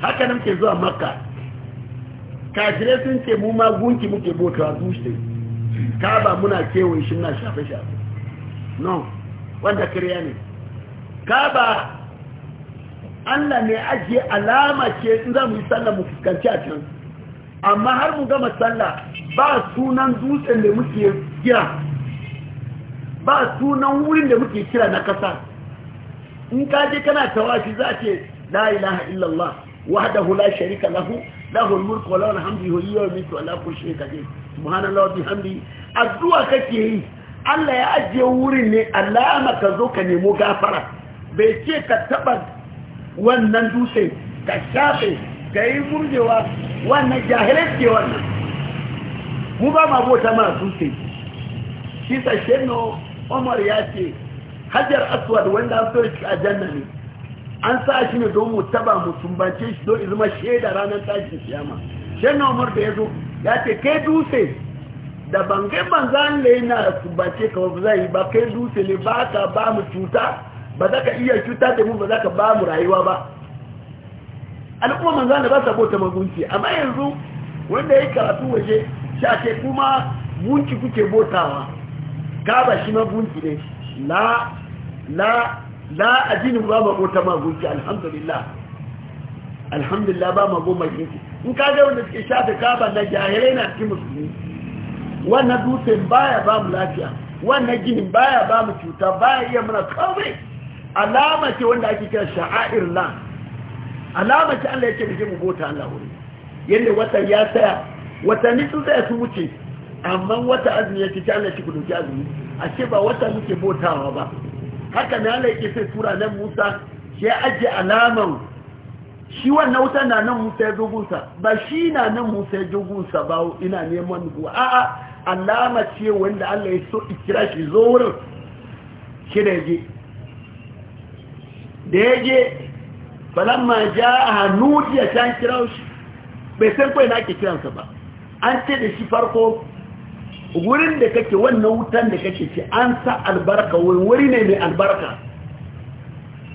haka nan ke zuwa makka kashire sun ce mu ma gunki muke botawa dushe ka ba muna kewaye shi na shafe-shafe no wanda kariya ne ka ba allah ne ajiye alama ce in za mu yi tsalla mu fuskanci a can amma har mu gama sallah ba sunan dutsen da muke kira ba sunan wurin da muke kira na kasa in ka je kana tawafi za ce la ilaha illallah wahdahu la sharika lahu lahul mulku wa lahul hamdu huwa yumiitu wa la kulli shay'in qadir subhanallahi wa bihamdi addu'a kake yi Allah ya ajiye wurin ne alama ka zo ka nemo gafara bai ce ka taba wannan dutse ka shafe ka yi murjewa wannan jahilai ce wannan mu ba ma bota ma dutse shi sa no. umar ya ce hajjar aswad wanda an soya a janna ne an sa shi ne don mu taba mu sumbance shi don izuma shaida ranar tashin kiyama shan umar da ya zo ya ce kai dutse da bange banza ne na sumbance ka ba zai ba kai dutse ne ba ka ba mu cuta ba za ka iya cuta da mu ba za ka ba mu rayuwa ba al'umma manzan da ba sa bota magunci amma yanzu wanda ya karatu waje shi ake kuma munci kuke botawa gaba shi ma gunki ne la la la ajinu ba ma gota ma gunki alhamdulillah alhamdulillah ba ma goma gunki in ka ga wanda suke shafe gaba na jahilai na cikin musulmi wannan dutsen baya ba mu lafiya wannan ginin baya ba mu cuta baya iya mana kawai alama ce wanda ake kira sha'air la alama ce Allah yake da mu gota Allah wuri yanda watan ya tsaya watanni sun tsaya su wuce amma wata azumi yake ce Allah shi ku dauki azumi ashe ba wata muke botawa ba haka ne Allah yake sai tura nan Musa sai aje alaman shi wannan wuta na nan Musa ya sa ba shi na nan Musa ya sa ba ina neman ku a'a alama ce wanda Allah ya so ikira shi zo wurin shi da yaje da yaje falamma jaa nudiya tan kirawo shi bai san kai na ake kiransa ba an ce da shi farko wurin da kake wannan wutan da kake ce an sa albarka wurin wuri ne mai albarka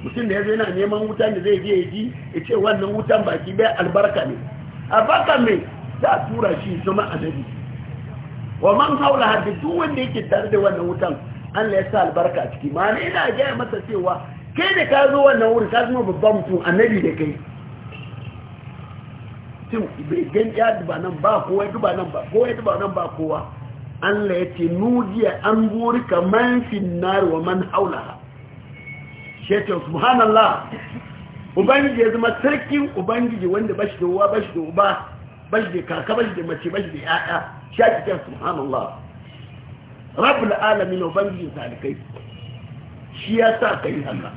mutum da ya zai na neman wutan da zai je ya ji ya ce wannan wutan baki bai albarka ne albarka mai za a tura shi zama annabi wa man haula hadda duk wanda yake tare da wannan wutan an ya sa albarka a ciki ma ne ina gaya masa cewa kai da ka zo wannan wurin ka zama babban mutum annabi da kai mutum bai gan ya duba ba kowa duba nan ba kowa ba kowa Allah ya ce nujiya an ka man finnar wa man haulaha shekin subhanallah ubangiji ya zama sarkin ubangiji wanda bashi da uwa bashi da uba bashi da kaka bashi da mace bashi da yaya shekin subhanallah rabbul alamin ubangiji salikai shi ya sa ka kai Allah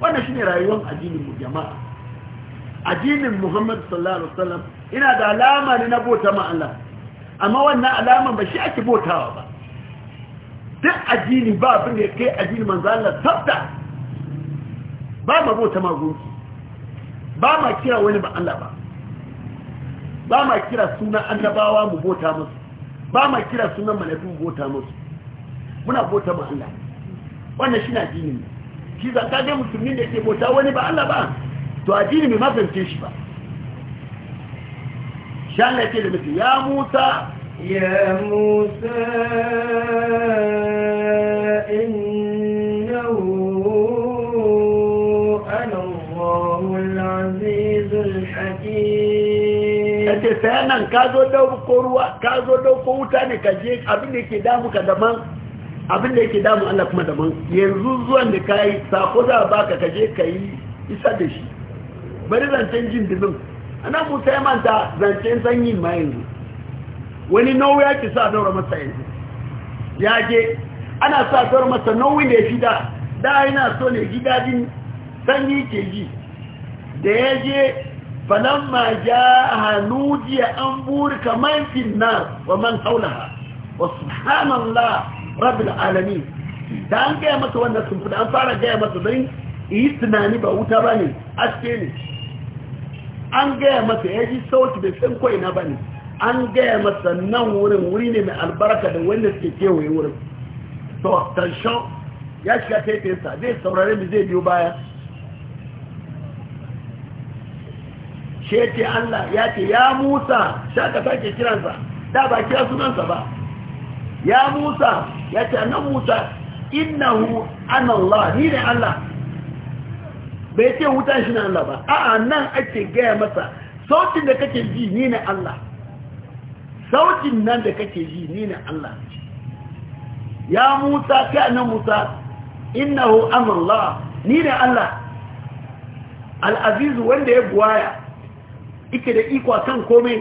wannan ne rayuwar addinin mu jama'a addinin Muhammadu sallallahu alaihi wasallam ina da alama ne na bota ma Allah amma wannan alama ba shi ake botawa ba duk addini ba abin da ya kai addini manzo Allah sabta ba ma bota magunki ba ma kira wani ba Allah ba ba ma kira sunan annabawa mu bota musu ba ma kira sunan malafi mu bota musu muna bota ma Allah wannan shi na addinin shi zaka ga musulmin da ke bota wani ba Allah ba to addini bai magance shi ba shan da yake da mutu ya musa ya musa innahu ana nan ka zo dauko ruwa ka zo dauko wuta ne ka je abin da yake damu ka daban abin da yake damu Allah kuma daban yanzu zuwan da kai sako za baka ka je ka yi isa da shi bari zancen jin dubin ana mu taimanta manta zancen sanyin ma yanzu wani nauyi ya ke sa daura masa yanzu ya ke ana sa daura masa nauyi da ya fi da da yana so ne gidajin sanyi ke ji da ya je ma ja hannu jiya an burka man finna wa man haulaha wa subhanallah rabbil alamin da an gaya masa wannan sun fi an fara gaya masa dan yi tunani ba wuta ba ne aske ne an gaya masa ya ji sauti da san kawai na bane an gaya masa nan wurin wuri ne mai albarka da wanda suke kewaye wurin to tanshan ya shiga taifinsa zai saurare mu zai biyo baya sheke Allah ya ce ya Musa shaka sake kiransa da ba kira sunansa ba ya Musa ya ce nan Musa innahu ana Allah ni ne Allah bai ce wuta shi na Allah ba a'a nan ake gaya masa sautin da kake ji ni na Allah sautin nan da kake ji ni na Allah ya Musa ka na Musa innahu amrullah ni ne Allah al-aziz wanda ya buwaya yake da iko kan komai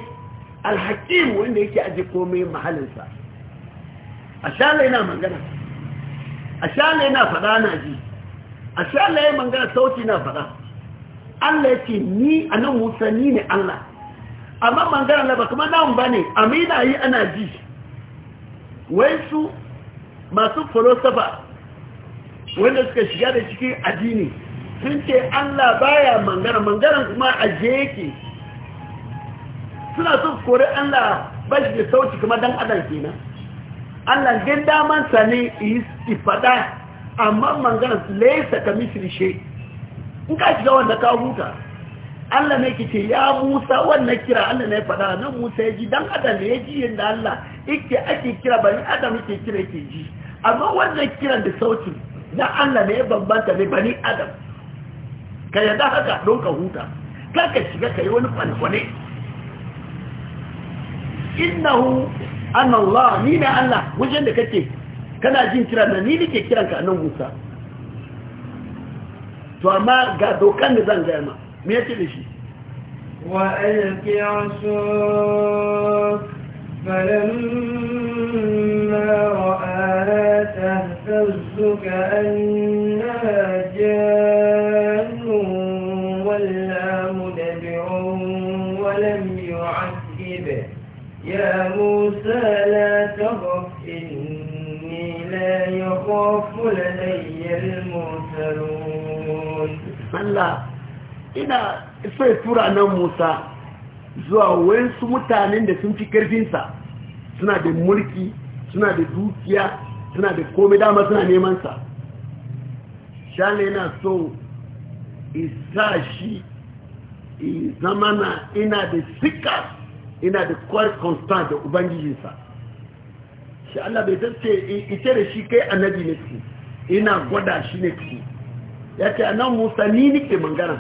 al-hakim wanda yake aje komai A ashalla ina magana ashalla ina fada na ji a Allah ya mangana sauti na faɗa Allah ya ce ni a nan musa ni ne Allah amma mangana na ba kuma namun ba ne amina yi ana ji wai su masu falosofa wanda suka shiga da ciki addini sun ce Allah baya mangana mangana kuma a je yake suna sun kori Allah ba shi da sauti kuma dan adam kenan Allah dama damansa ne yi ifada amma manganas laisa ka misri she in ka shiga wanda ka huta Allah ne ce ya Musa wannan kira Allah ne fada nan Musa ya ji dan adam ne ya ji yadda Allah yake ake kira bani adam ke kira ke ji amma wannan kiran da sautin na Allah ne ya bambanta ne bani adam ka yadda haka don ka huta karka ka shiga ka yi wani kwane-kwane innahu an Allah ni ne Allah wajen da kake kana jin kira na ni nake kiran ka nan musa to amma ga dokan da zan gaya ma me yake da shi wa alqi falam ma ra'ata tazuka annaha jannu wala mudabirun wa lam ya musa la taghra ولا يخاف لدي المرسلون الله ina so tura nan Musa zuwa wayansu mutanen da sun fi karfinsa suna da mulki suna da dukiya suna da komai dama suna neman sa yana so isa shi zamana ina da sika ina da kwar constant da ubangijinsa shi Allah bai tace ita da shi kai annabi ne ki ina gwada shi ne ce a nan Musa ni nike mangana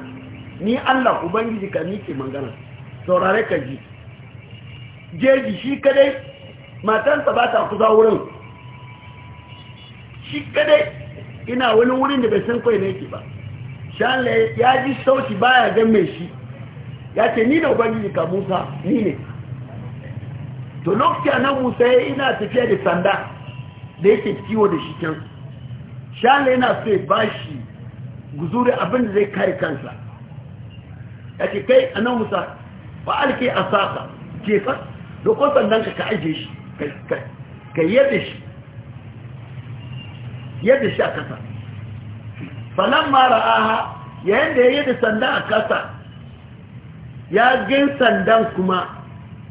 ni Allah ubangiji ka nike mangana saurare ka ji jeji shi kadai matansa ba ta kusa wurin shi kadai ina wani wurin da bai san kai ne ke ba shan ya ji sauti baya gan mai shi ya ce ni da ubangiji ka Musa ni ne to lokacin nan musa ya ina tafiya da sanda da yake kiwo da shi can shala yana sai ba shi guzuri abin da zai kare kansa ya ce kai a nan musa ba alke a Ke fa dokon sandan ka aje shi ka yadda shi yadda shi a kasa falon mara aha yayin da ya yadda sanda a kasa ya gin sandan kuma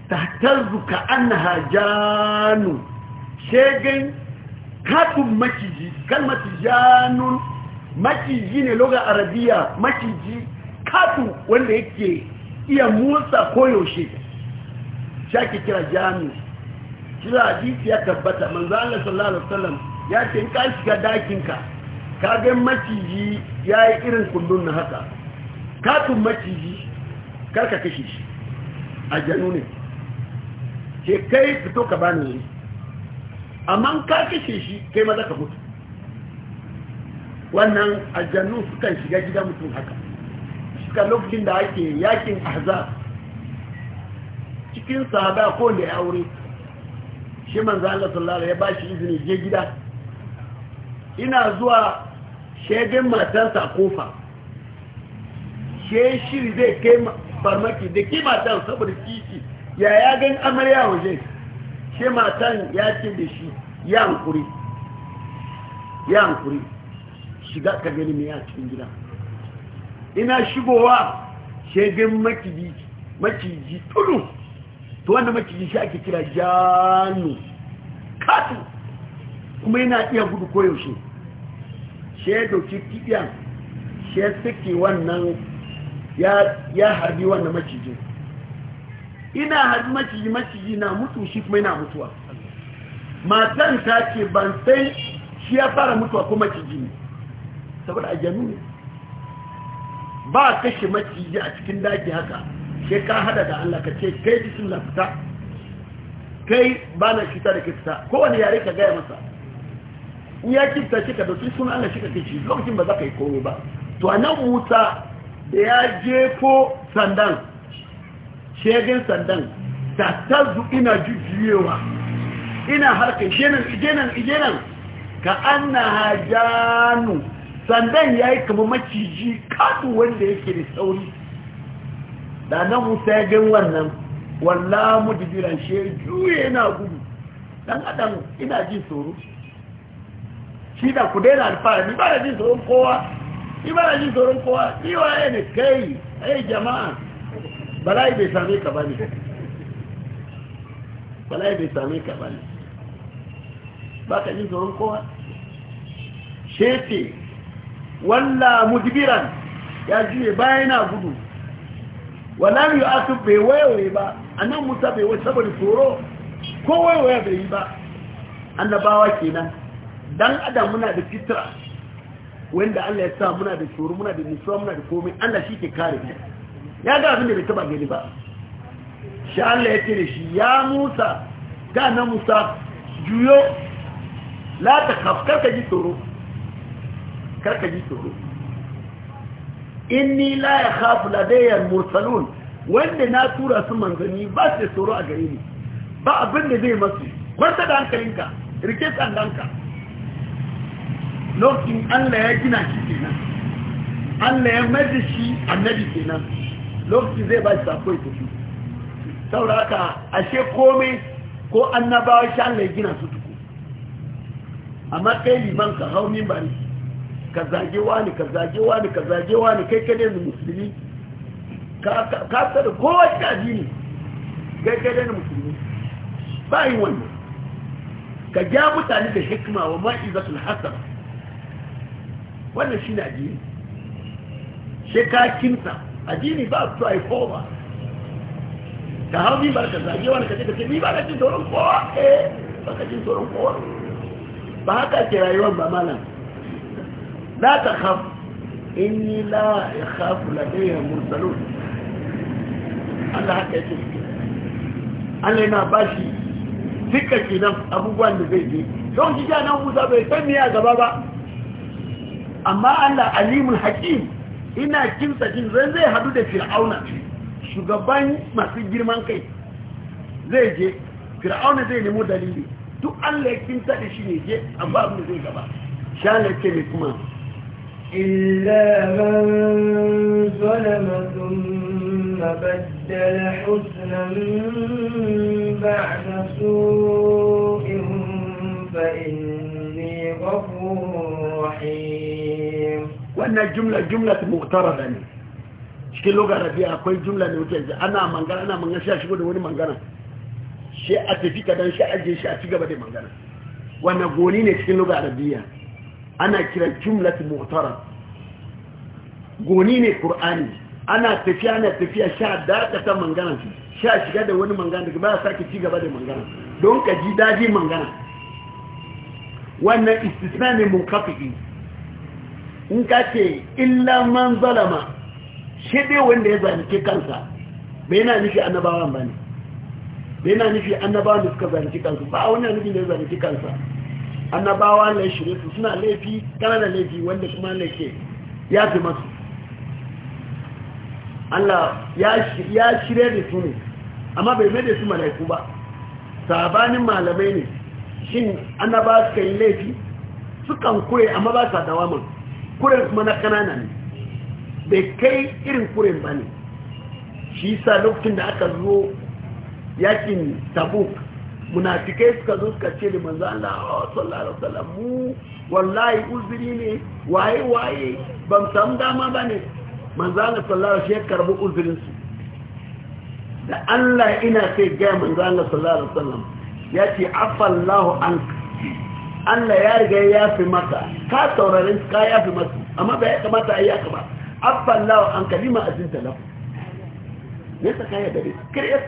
tahtazu ka annaha janu katun maciji kalmatu janun maciji ne loga arabiya maciji katu wanda yake iya motsa koyaushe shaki kira jami kira hadisi ya tabbata manzo Allah sallallahu alaihi wasallam ya ce in ka shiga dakinka ka ga maciji yayi irin kullun na haka katun maciji karka kashe shi a janu ne ke kai fito ka bani wuri amma ka kashe shi kai maza ka mutu wannan aljannu sukan shiga gidan mutum haka suka lokacin da ake yakin ahzab cikin sahaba ko da ya aure shi manzo Allah sallallahu alaihi ya bashi izini je gida ina zuwa shegen a kofa shi shi zai kai farmaki da ke saboda kishi ya ya gan amarya waje shi matan ya ce da shi ya hankuri ya hankuri shiga ka gani mai a cikin gida ina shigowa shegin makiji makiji tulu to wanda makiji shi ake kira janu katu kuma yana iya gudu koyaushe dauki kibiyan shi suke wannan ya harbi wannan maciji. ina haɗu maciji maciji na mutu shi kuma yana mutuwa matan ta ce ban sai shi ya fara mutuwa ko maciji ne saboda ajiyanu ne ba kashe maciji a cikin daki haka sai ka hada da Allah ka ce kai bismillah fita kai ba na da ke fita kowane yare ka gaya masa in ya kifta shi ka dauki suna Allah shi ka kici lokacin ba za ka yi kowai ba to a nan Musa da ya jefo sandan shegen sandan ta tazu ina jujjuyewa ina harka genan genan genan ka an na hajjanu sandan ya yi kama maciji kadu wanda yake da sauri da nan musa ya gan wannan walla mu jibiran shi juye na gudu dan adam ina jin tsoro shi da ku daina alfara ni ba da jin tsoron kowa ni ba da jin tsoron kowa ni waye ne kai ai jama'a bala'i bai same ka ba ne bala'i bai same ka ba ne ba ka jin zoron kowa shefe walla mudbiran ya juye bayan na gudu wala yi asu bai wayewaye ba a nan musa bai wata saboda tsoro ko wayewaye bai yi ba annabawa kenan dan adam muna da fitra wanda Allah ya sa muna da tsoro muna da nisuwa muna da komai Allah shi ke kare ne ya ga abin da bai taba gani ba shi Allah ya ce shi ya Musa ga na Musa juyo la ta kafkar karka ji tsoro ka ji tsoro inni la ya khafu ladayya mursalun wanda na tura su manzanni ba su tsoro a gare ni ba abin da zai masu kwanta da hankalinka rike tsandanka lokacin Allah ya gina shi kenan Allah ya maida shi annabi kenan lokaci zai ba shi sako ya tafi saboda haka ashe komai ko annabawa shi an lai gina su tuku amma kai liman ka hau mimbari ka zage wani ka zage wani ka zage wani kai kai da musulmi ka ka da kowace addini kai kai da musulmi ba yi wani ka ja mutane da hikima wa ma'izatul hasan wannan shi na addini shekakinsa addini ba su yi kowa ta hau bi barka zage wani ka ce bi ba ka jin tsoron kowa eh ba ka jin tsoron kowa ba haka ke rayuwar ba mana la ta khaf inni la ikhafu ladayya mursalun Allah haka yake Allah yana bashi duka kenan abubuwan da zai je don shi n'an Musa bai san miya gaba ba amma Allah alimul hakim ina kinsa jin zan zai hadu da fir'auna shugaban masu girman kai zai je fir'auna zai nemo dalili duk allah ya kimsa da shi ne je amma abin da zai gaba shan da ce mai kuma إلا na ظلم ثم بدل حسنا بعد سوء فإني غفور رحيم wannan jumla jumla ta mutarara ne cikin logar rabiya akwai jumla ne wuce yanzu ana mangana ana mangana shi a shigo da wani mangana shi a tafi kadan shi a je shi a ci gaba da mangana wannan goni ne cikin logar rabiya ana kira jumla ta mutarara goni ne qur'ani ana tafiya ana tafiya a daka ta mangana shi a shiga da wani mangana daga ba sake ci gaba da mangana don ka ji daji mangana wannan istisna ne mun kafi'i in ka ce illa man zalama shi dai wanda ya zalunci kansa bai na nufi annabawan ba ne bai na nufi annabawan da suka zalunci kansu ba wani nufi da ya zalunci kansa annabawa na shirye su suna laifi da laifi wanda kuma laifi ya fi masu Allah ya shirye da su ne amma bai mai da su malaiku ba sabanin malamai ne shi annabawa suka yi laifi sukan kure amma ba sa dawamin kuren kuma na kanana ne bai kai irin kuren ba ne shi sa lokacin da aka zo yakin tabuk munafikai suka zo suka ce da manzo Allah oh, sallallahu alaihi wasallam mu wallahi uzuri ne waye waye ban samu dama ne manzo Allah sallallahu alaihi shi ya karbi uzurin su da Allah ina sai ga manzo Allah sallallahu alaihi ya ce afallahu anka Allah ya riga ya fi masa ka saurare ka ya fi masa amma bai kamata ai ya kama afallahu an kalima azinta lahu ne saka ya dare kiriyar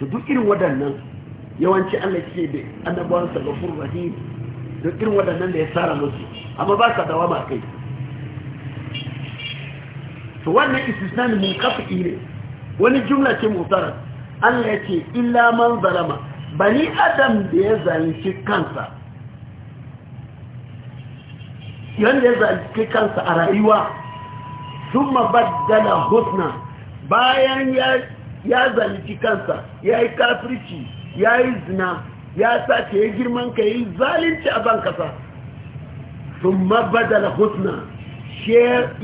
to duk irin waɗannan yawanci Allah ke da annabawan sa gafur rahim duk irin waɗannan da ya tsara musu amma ba ka dawa ba kai to wannan istisnan mun kafa ne wani jumla ce tsara Allah ya ce illa man zalama bani adam da ya zalici kansa yadda ya zalici kansa a rayuwa sun mabaddala husna bayan ya zalici kansa ya yi kafirci ya yi zina ya sace ya girman ka yi zalici a ban kasa sun mabaddala husna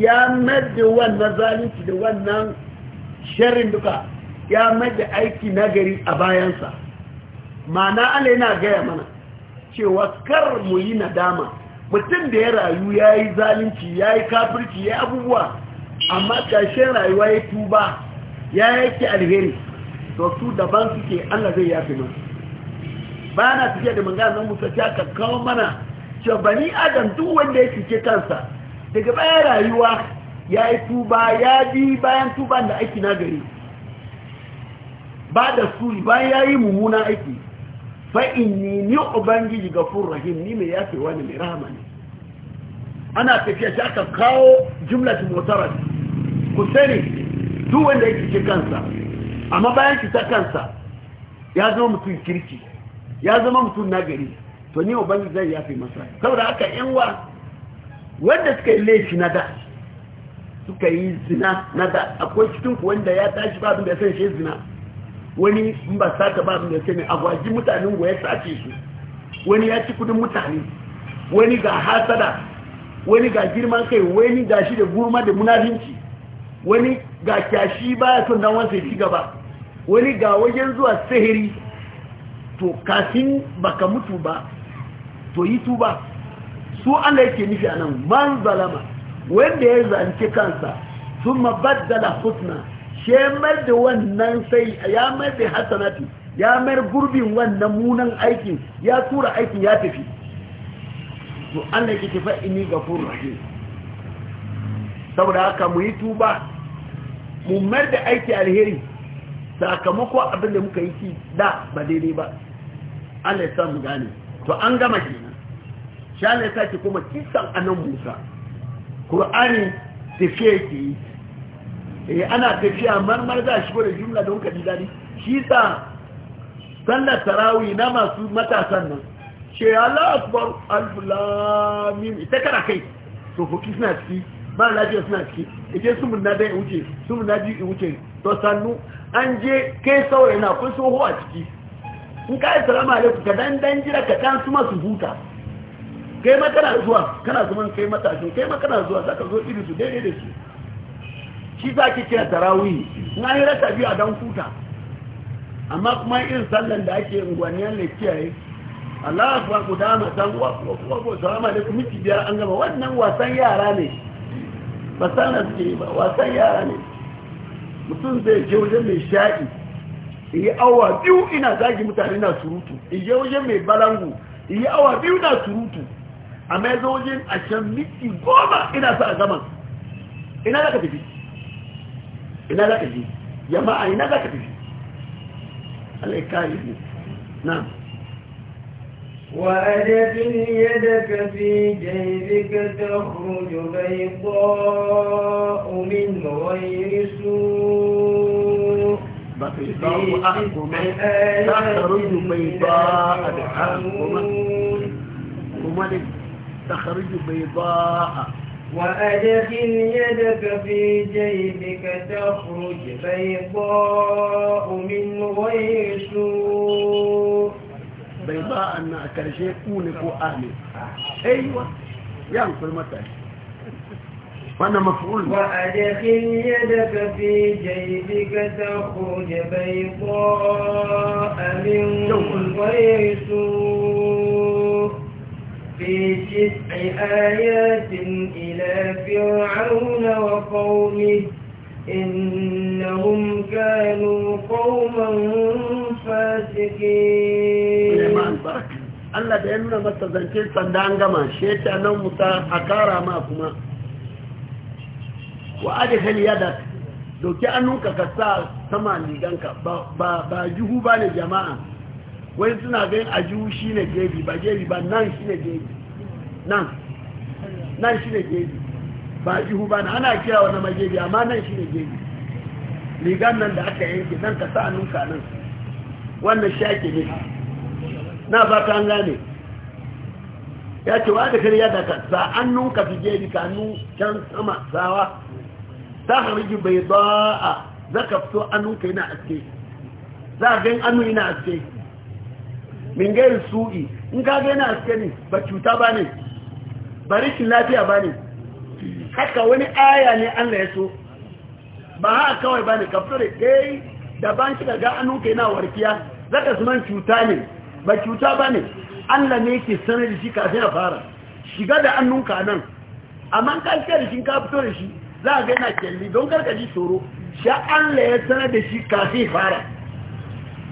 ya mada wannan zalunci da wannan sharin duka ya maida aiki nagari a bayansa ma'ana Allah yana gaya mana cewa kar mu yi nadama mutum da ya rayu ya yi zalunci ya yi kafirci ya abubuwa amma ƙarshen rayuwa ya tuba ya yake alheri to su daban suke Allah zai yafi mana ba na suke da maganin musa ta kakkawa mana cewa bani adam duk wanda ya cike kansa daga baya rayuwa ya yi tuba ya bi bayan tuban da aiki na gari ba da suri bayan ya yi mummuna aiki fa inni ni ubangiji gafur rahim ni me yake wani mai rahama ne ana tafiya shi aka kawo jumla ta mutarar ku sani duk wanda yake ci kansa amma bayan ki ta kansa ya zama mutum kirki ya zama mutum nagari to ni ubangiji zai yafe masa saboda haka yanwa wanda suka yi laifi na da suka yi zina na da akwai cikin wanda ya tashi ba abin da ya san shi zina wani in ba ta ba da sai ne agwaji mutanen goya sace su wani ya ci kudin mutane wani ga hasada wani ga girman kai wani ga shi da gurma da munafinci wani ga kyashi baya son dan wansa ci gaba wani ga wajen zuwa sihiri to kafin baka mutu ba to yi tuba su Allah yake nufi anan man zalama wanda ya zance kansa thumma baddala husna shemar da wannan sai ya mai da hasanati ya mayar gurbin wannan munan aikin ya tura aikin ya tafi to Allah yake tafa ini gafurur rahim saboda haka mu yi tuba mu mayar da aiki alheri sakamako abin da muka yi da ba daidai ba Allah ya samu gane to an gama kenan shi Allah ya ki kuma kisan anan Musa Qur'ani tafiye ke eh ana tafiya marmar da shi da jumla don ji dadi shi sa sallar tarawi na masu matasan nan ce Allah akbar alfulamin ita kana kai tsofaffi suna ciki ba lafiya suna ciki ije su munna dai wuce su munna ji wuce to sannu an je kai saurayi na kun so a ciki in ka yi salama alaikum ka dan dan jira ka dan su masu huta kai ma kana zuwa kana zuman kai matashin kai ma kana zuwa zaka zo iri su daidai da su shi za ki kira tarawih na yi rasa biyu a don kuta amma kuma irin sallan da ake unguwanniyar da kiyaye Allah kuwa ku dama san wako salama da kuma biyar an gama wannan wasan yara ne ba sanar suke ba wasan yara ne mutum zai je wajen mai sha'i yi awa biyu ina zagi mutane na surutu je wajen mai balangu yi awa biyu na surutu amma ya zo a can miki goma ina sa a gaman ina da ka tafi ina za ka je yamma a ina za ka tafi Allah ya kare mu na'am وأدخل يدك في جيبك تخرج بيضاء من غير سوء بيضاء أحكمة تخرج بيضاء بحكمة تخرج بيضاء وأدخل يدك في جيبك تخرج بيضاء من غير سوء بيضاء أن أكرشي كونك وآمن أيوة ينقل متى وأنا مفعول وأدخل يدك في جيبك تخرج بيضاء من غير سوء في تسع آيات إلى فرعون وقومه إنهم كانوا قوما فاسقين Allah da ya nuna masa zance sanda an gama shi nan musa a kara ma kuma wa aji haliyada doki an ka sa sama liganka ba juhu ba ne jama'a wani suna a ajiyu shi ne gebi ba gebi ba nan shi ne gebi nan nan shi ne gebi ba ajiyu ba na ana kira wani magebi amma nan shi ne gebi rigar nan da aka yanke nan ka sa nunka nan wannan shi ke ne na ba ta ne ya ce wa da kariya da ka sa an ka fi gebi ka nu can sama sawa ta harji bai a zaka fito an nunka yana aske za a gan anu yana aske min gairi su'i in ka ga yana aske ne ba cuta ba ne ba rikin lafiya ba ne haka wani aya ne an laye so ba haka kawai ba ne ka fure kai ban shi daga annunka yana warkiya zaka suman cuta ne ba cuta ba ne an lame ke sanar da shi kafin ya fara shiga da annunka nan amma ka shiga da shi ka fito da shi za a ga yana kyalli don karkaji ji tsoro sha an ya sanar da shi kafin fara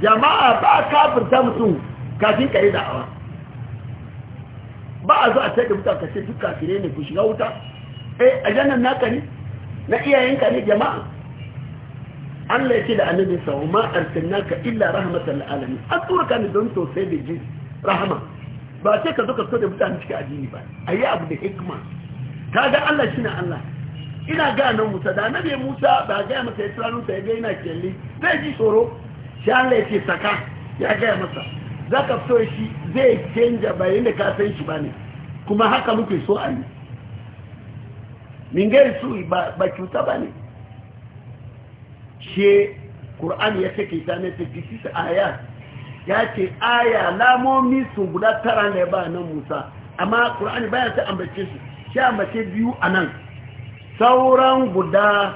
jama'a ba kafirta mutum kafin ka yi da'awa ba a zo a sai da mutane ka ce duk kafire ne ku shiga wuta eh janar naka ne na iyayenka ne jama'a Allah ya ce da annabi sa ma naka illa rahmatan lil an tura ka ne don to sai da ji rahama ba sai ka zo ka so da mutane cikin addini ba a yi abu da hikima? Ka ga Allah shi na Allah ina gaya nan Musa da annabi Musa ba a gaya masa ya tsaro ya ga yana kyalli? zai ji tsoro shi Allah ya ce saka ya gaya masa za ka fito shi zai canja bayan da ka san shi ba ne kuma haka muke so a yi mingari su ba cuta ba ne ce ƙur'an ya ce kai ta ne 56 aya ya ce aya lamomi su guda tara ne ba nan musa amma ƙur'an bayan ta ambace su sha mace biyu a nan sauran guda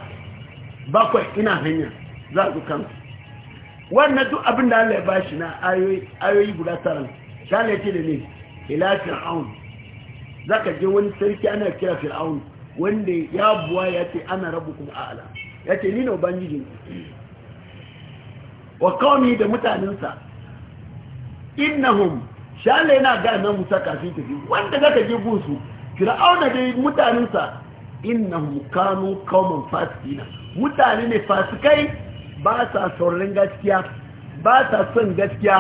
bakwai ina hanya za su kansu wannan duk abin da Allah ya bashi na ayoyi guda tsarin shi Allah ya ce da ne ila fir'aun zaka je wani sarki ana kira fir'aun wanda ya buwa ya ce ana rabbukum a'la ya ce ni ne ubangijin wa kawami da mutanensa innahum shi Allah yana ga nan Musa kafin tafi wanda zaka je gusu fir'auna dai mutanensa innahum kanu kawman fasikina mutane ne fasikai ba sa saurin gaskiya ba sa son gaskiya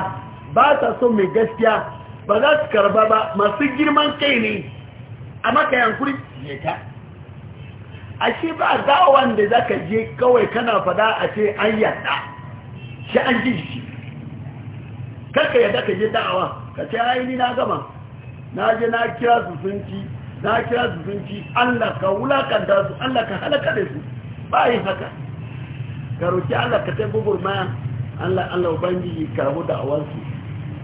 ba sa son mai gaskiya ba za su karba ba masu girman kai ne a maka yankuri ne ta a shi ba za da za ka je kawai kana fada a ce an yadda shi an ji shi karka yadda ka je da'awa ka ce haini na gama na je na kira su sun ci na kira su sun ci allah ka wulakanta su allah ka halaka da su ba yin haka ka roki Allah ka ta gugurmaya Allah Allah ubangiji ka rabu da awansu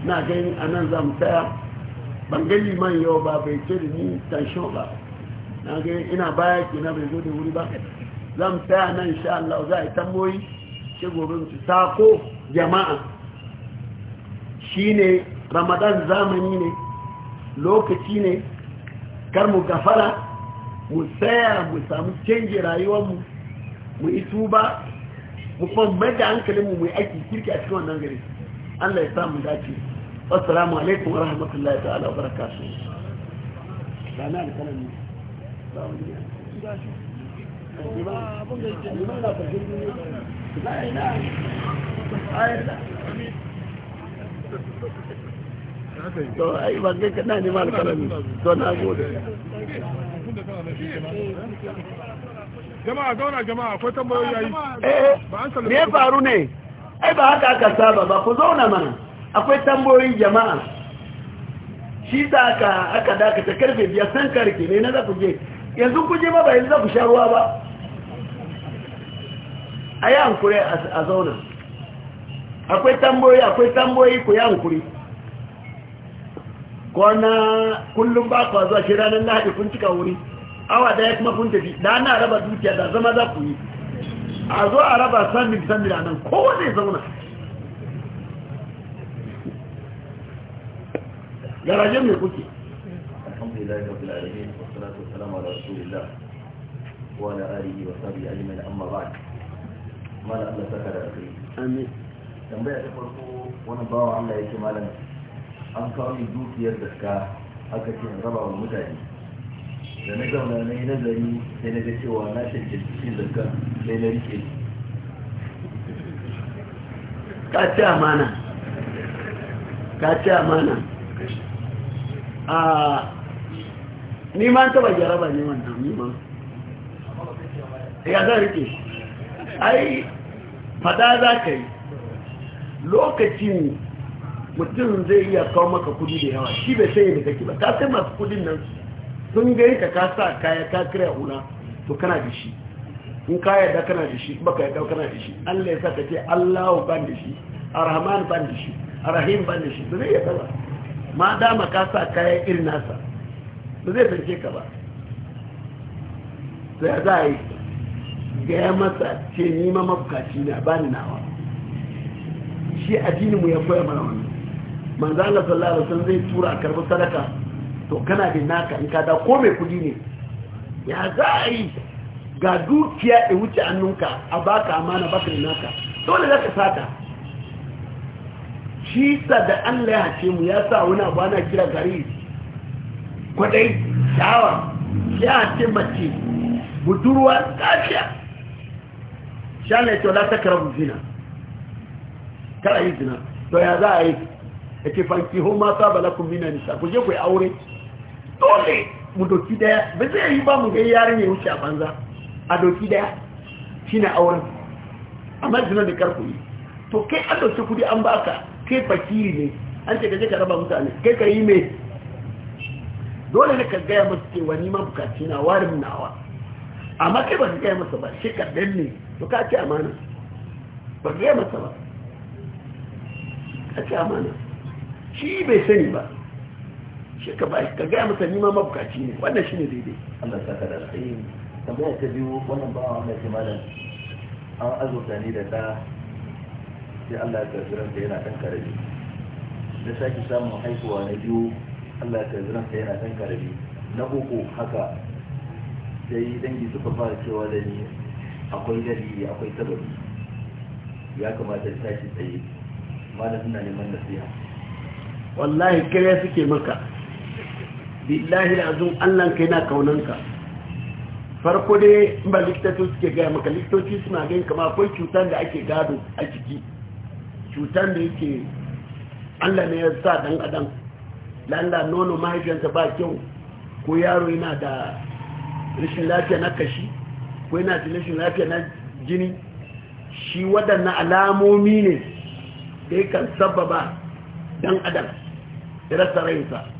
na gani anan za mu tsaya ban ga liman yau ba bai ce da ni tansho ba na gani ina baya kina bai zo da wuri ba za mu tsaya nan insha Allah za a yi tamboyi ce gobe su sako jama'a shine ramadan zamani ne lokaci ne kar mu gafara mu tsaya mu samu canji rayuwarmu mu yi tuba mu kuma da hankalin mu mai aiki kirki a cikin wannan gari Allah ya samu dace assalamu alaikum wa rahmatullahi ta'ala wa barakatuh dana da ne to ai ba kana ne to na gode jama'a zauna jama'a akwai tambayoyi yayi eh me ya faru ne ai ba haka aka saba ba ku zauna mana akwai tambayoyin jama'a shi da aka aka dakata karfe biya san karfe ne na za ku je yanzu ku je ma ba yanzu za ku sha ruwa ba a hankuri a zauna akwai tamboyi akwai tambayoyi ku yi hankuri ko na kullum ba ku zuwa shi ranar lahadi kun cika wuri awa daya kuma kun tafi da ana raba dukiya da zama za ku yi a zo a raba samin samin nan kowane zauna garajen mai kuke amin tambaya ta farko wani bawa allah yake malam an kawo dukiyar da aka ce raba wa mutane da na zauna na yi nazari sai na ga cewa na cikin zakka sai na rike ka ci amana ka ci amana a neman taba jaraba neman wannan neman ya zan rike ai fada za ka yi lokacin mutum zai iya kawo maka kudi da yawa shi bai sai da kake ba ka sai masu kudin nan sun gari ka ka sa kaya ka kira una, to kana da shi in kaya da kana da shi baka yarda kana da shi Allah ya sa ka ce Allahu ban da shi Arrahman ban da shi Arrahim ban da shi ba zai yarda ba ma dama ka sa kaya irin nasa ba zai tance ka ba sai za a yi gaya masa ce nima mafukaci na ba ni nawa shi addini mu ya koya mana wani manzo Allah sallallahu alaihi wasallam zai tura karbi sadaka to kana da naka in ka da ko mai kudi ne ya za a yi ga dukiya da wuce annunka a baka amana baka da naka dole za ka sata shi sa da allah ya hace mu ya sa wani abu ana kira gari kwadai shawa ya ce mace budurwa shi shan ya ce wala ta buzina yi zina to ya za a yi ake fanki ho mata balakun mina nisa ku je ku yi aure dole mu doki daya ba zai yi ba mu ga yarin ya wuce a banza a doki daya a wani amma zina da karku yi to kai an doki kudi an ka kai fakiri ne an ce gaje ka raba mutane kai ka yi mai dole ne ka gaya masu cewa ni ma bukaci na warin nawa amma kai ba ka gaya masa ba shi kaɗan ne to ka ce amana ba ka gaya masa ba ka ce amana shi bai sani ba shi ka bashi ka gaya masa nima mabukaci ne wannan shi ne daidai Allah saka da alkhairi tambaya ta biyu wannan ba wanda ke malam an azurta ni da ta sai Allah ya karbi da yana kan karabi da sake samun haihuwa na biyu Allah ya karbi da yana kan karabi na uku haka sai dangi suka fara cewa da ni akwai dalili akwai sababi ya kamata tashi tsaye Malamin na neman nasiha wallahi kare suke maka billahi azum Allah kai na kaunanka farko dai ba likitoci suke gaya maka likitoci suna gani kama akwai cutar da ake gado a ciki cutar da yake Allah ne ya sa dan adam lalla nono mahaifiyarsa ba kyau ko yaro yana da rashin lafiya na kashi ko yana da rashin lafiya na jini shi waɗannan alamomi ne da yakan sababa dan adam ya rasa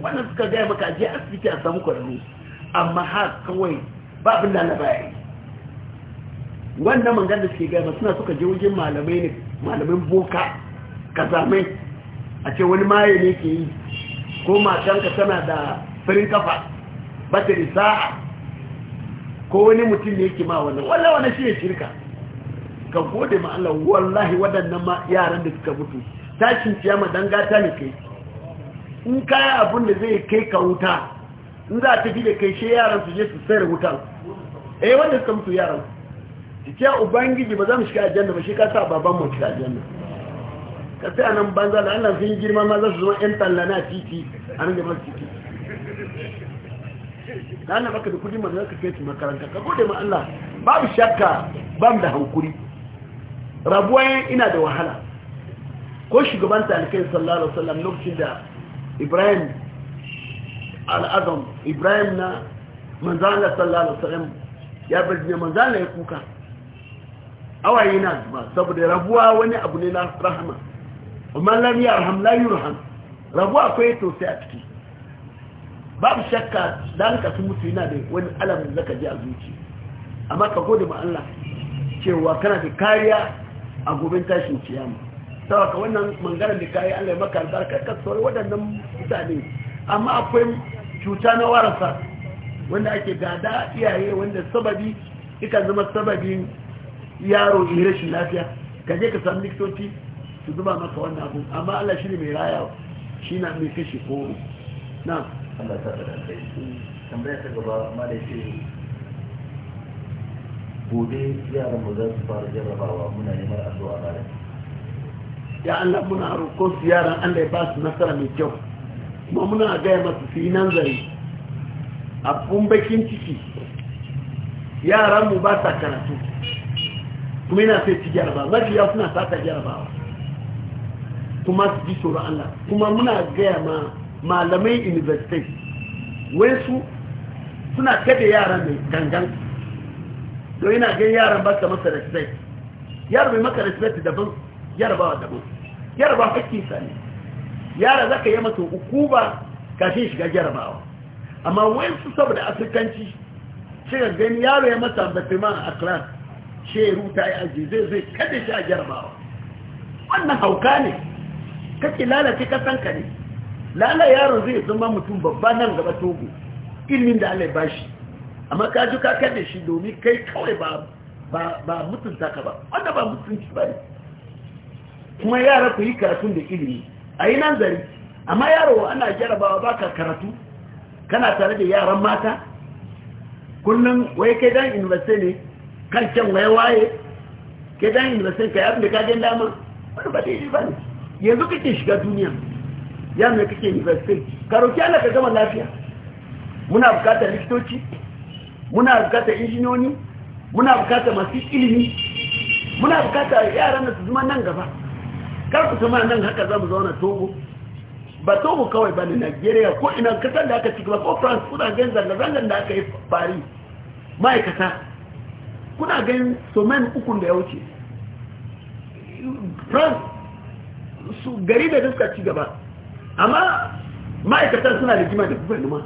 wannan suka gaya maka je asibiti a samu kwararru amma ha kawai ba abin da Allah yi wannan mangan da suke gaya ma suna suka je wajen malamai ne malamin boka kazamai a ce wani maye ne ke yi ko matanka tana da farin kafa ba ta risa ko wani mutum ne yake ma wannan wallahi wannan shi ne shirka ka gode ma Allah wallahi waɗannan yaran da suka mutu tashin ciyama dangata ne kai in kaya abin da zai kai ka wuta in za ta ji da kai shi yaran su je su sayar wutan eh wanda suka mutu yaran su ce ubangiji ba za mu shiga aljanna ba shi ka sa baban mu shiga aljanna ka sai anan banza da Allah sun girma ma za su zama yan talla na titi a nan gaban titi Na nan baka da kudi ma za ka kai su makaranta ka gode ma Allah babu shakka bam da hankuri rabuwa ina da wahala ko shugaban talikai sallallahu alaihi wasallam lokacin da ibrahim al'adam ibrahim na manzana sallallahu ala'uwa ya birni manzana ya kuka awaye na zuba saboda rabuwa wani abu ne na rahama amma lam yarham la yurham rabuwa akwai tausayi a ciki babu shakka dan ka su mutu yana da wani alamin zaka ji a zuci amma ka gode ma Allah cewa kana da kariya a gobin tashin kiyama sawa wannan mangaren da kayi Allah ya maka albarka ka tsoro waɗannan mutane amma akwai cuta na warasa wanda ake gada iyaye wanda sababi ika zama sababin yaro in rashin lafiya ka je ka sami likitoci su zuba maka wannan abu amma Allah shi ne mai raya shi na mai kashe koro na Allah ta da kai tambaya ta gaba ma da gobe yaran mu za su fara jarrabawa muna neman addu'a malam ya Allah muna roƙo su yaran da ya ba su nasara mai kyau kuma muna gaya masu su yi nan zare a bakin ciki yaran mu ba sa karatu kuma yana sai ci jarabawa mafi ya suna sata jarabawa kuma su ji tsoron Allah kuma muna gaya ma malamai universitai wai su suna kada yaran mai gangan don yana gan yaran ba sa masa respect yaran mai maka respect daban jarabawa gado jarabawa haƙƙinsa ne yara za ka yi mata hukuma kafin shiga jarabawa amma su saboda afirkanci ga gani yaro ya mata batiman a klas ya ruta ya aji zai zai kada shi a jarabawa wannan hauka ne kake lalace kasanka ne lala yaro zai zama mutum babba nan gaba togo ilimin da allai ba shi amma ka ji ka kada shi domin kai kawai ba mutunta ka ba wanda ba mutunci ba ne kuma yara ku yi karatun da ilimi a yi nan zari amma yaro ana jarabawa ba ka karatu kana tare da yaran mata kullum wai ke dan investe ne kan can waye waye ke dan investe ka yabin da gen dama wani ba daidai ba ne yanzu kake shiga duniya ya mai kake investe ka roki ana ka gama lafiya muna bukatar likitoci muna bukatar injiniyoni muna bukatar masu ilimi muna bukatar yaran da su zama nan gaba kar ku tuma nan haka zamu zauna togo ba togo kawai ba ne nigeria ko ina kasar da aka ciki ko france kuna gan zanga-zangar da aka yi fari ma'aikata kuna gan somen ukun da ya wuce france su gari da duka ci gaba amma ma'aikatan suna da jima da gubernuma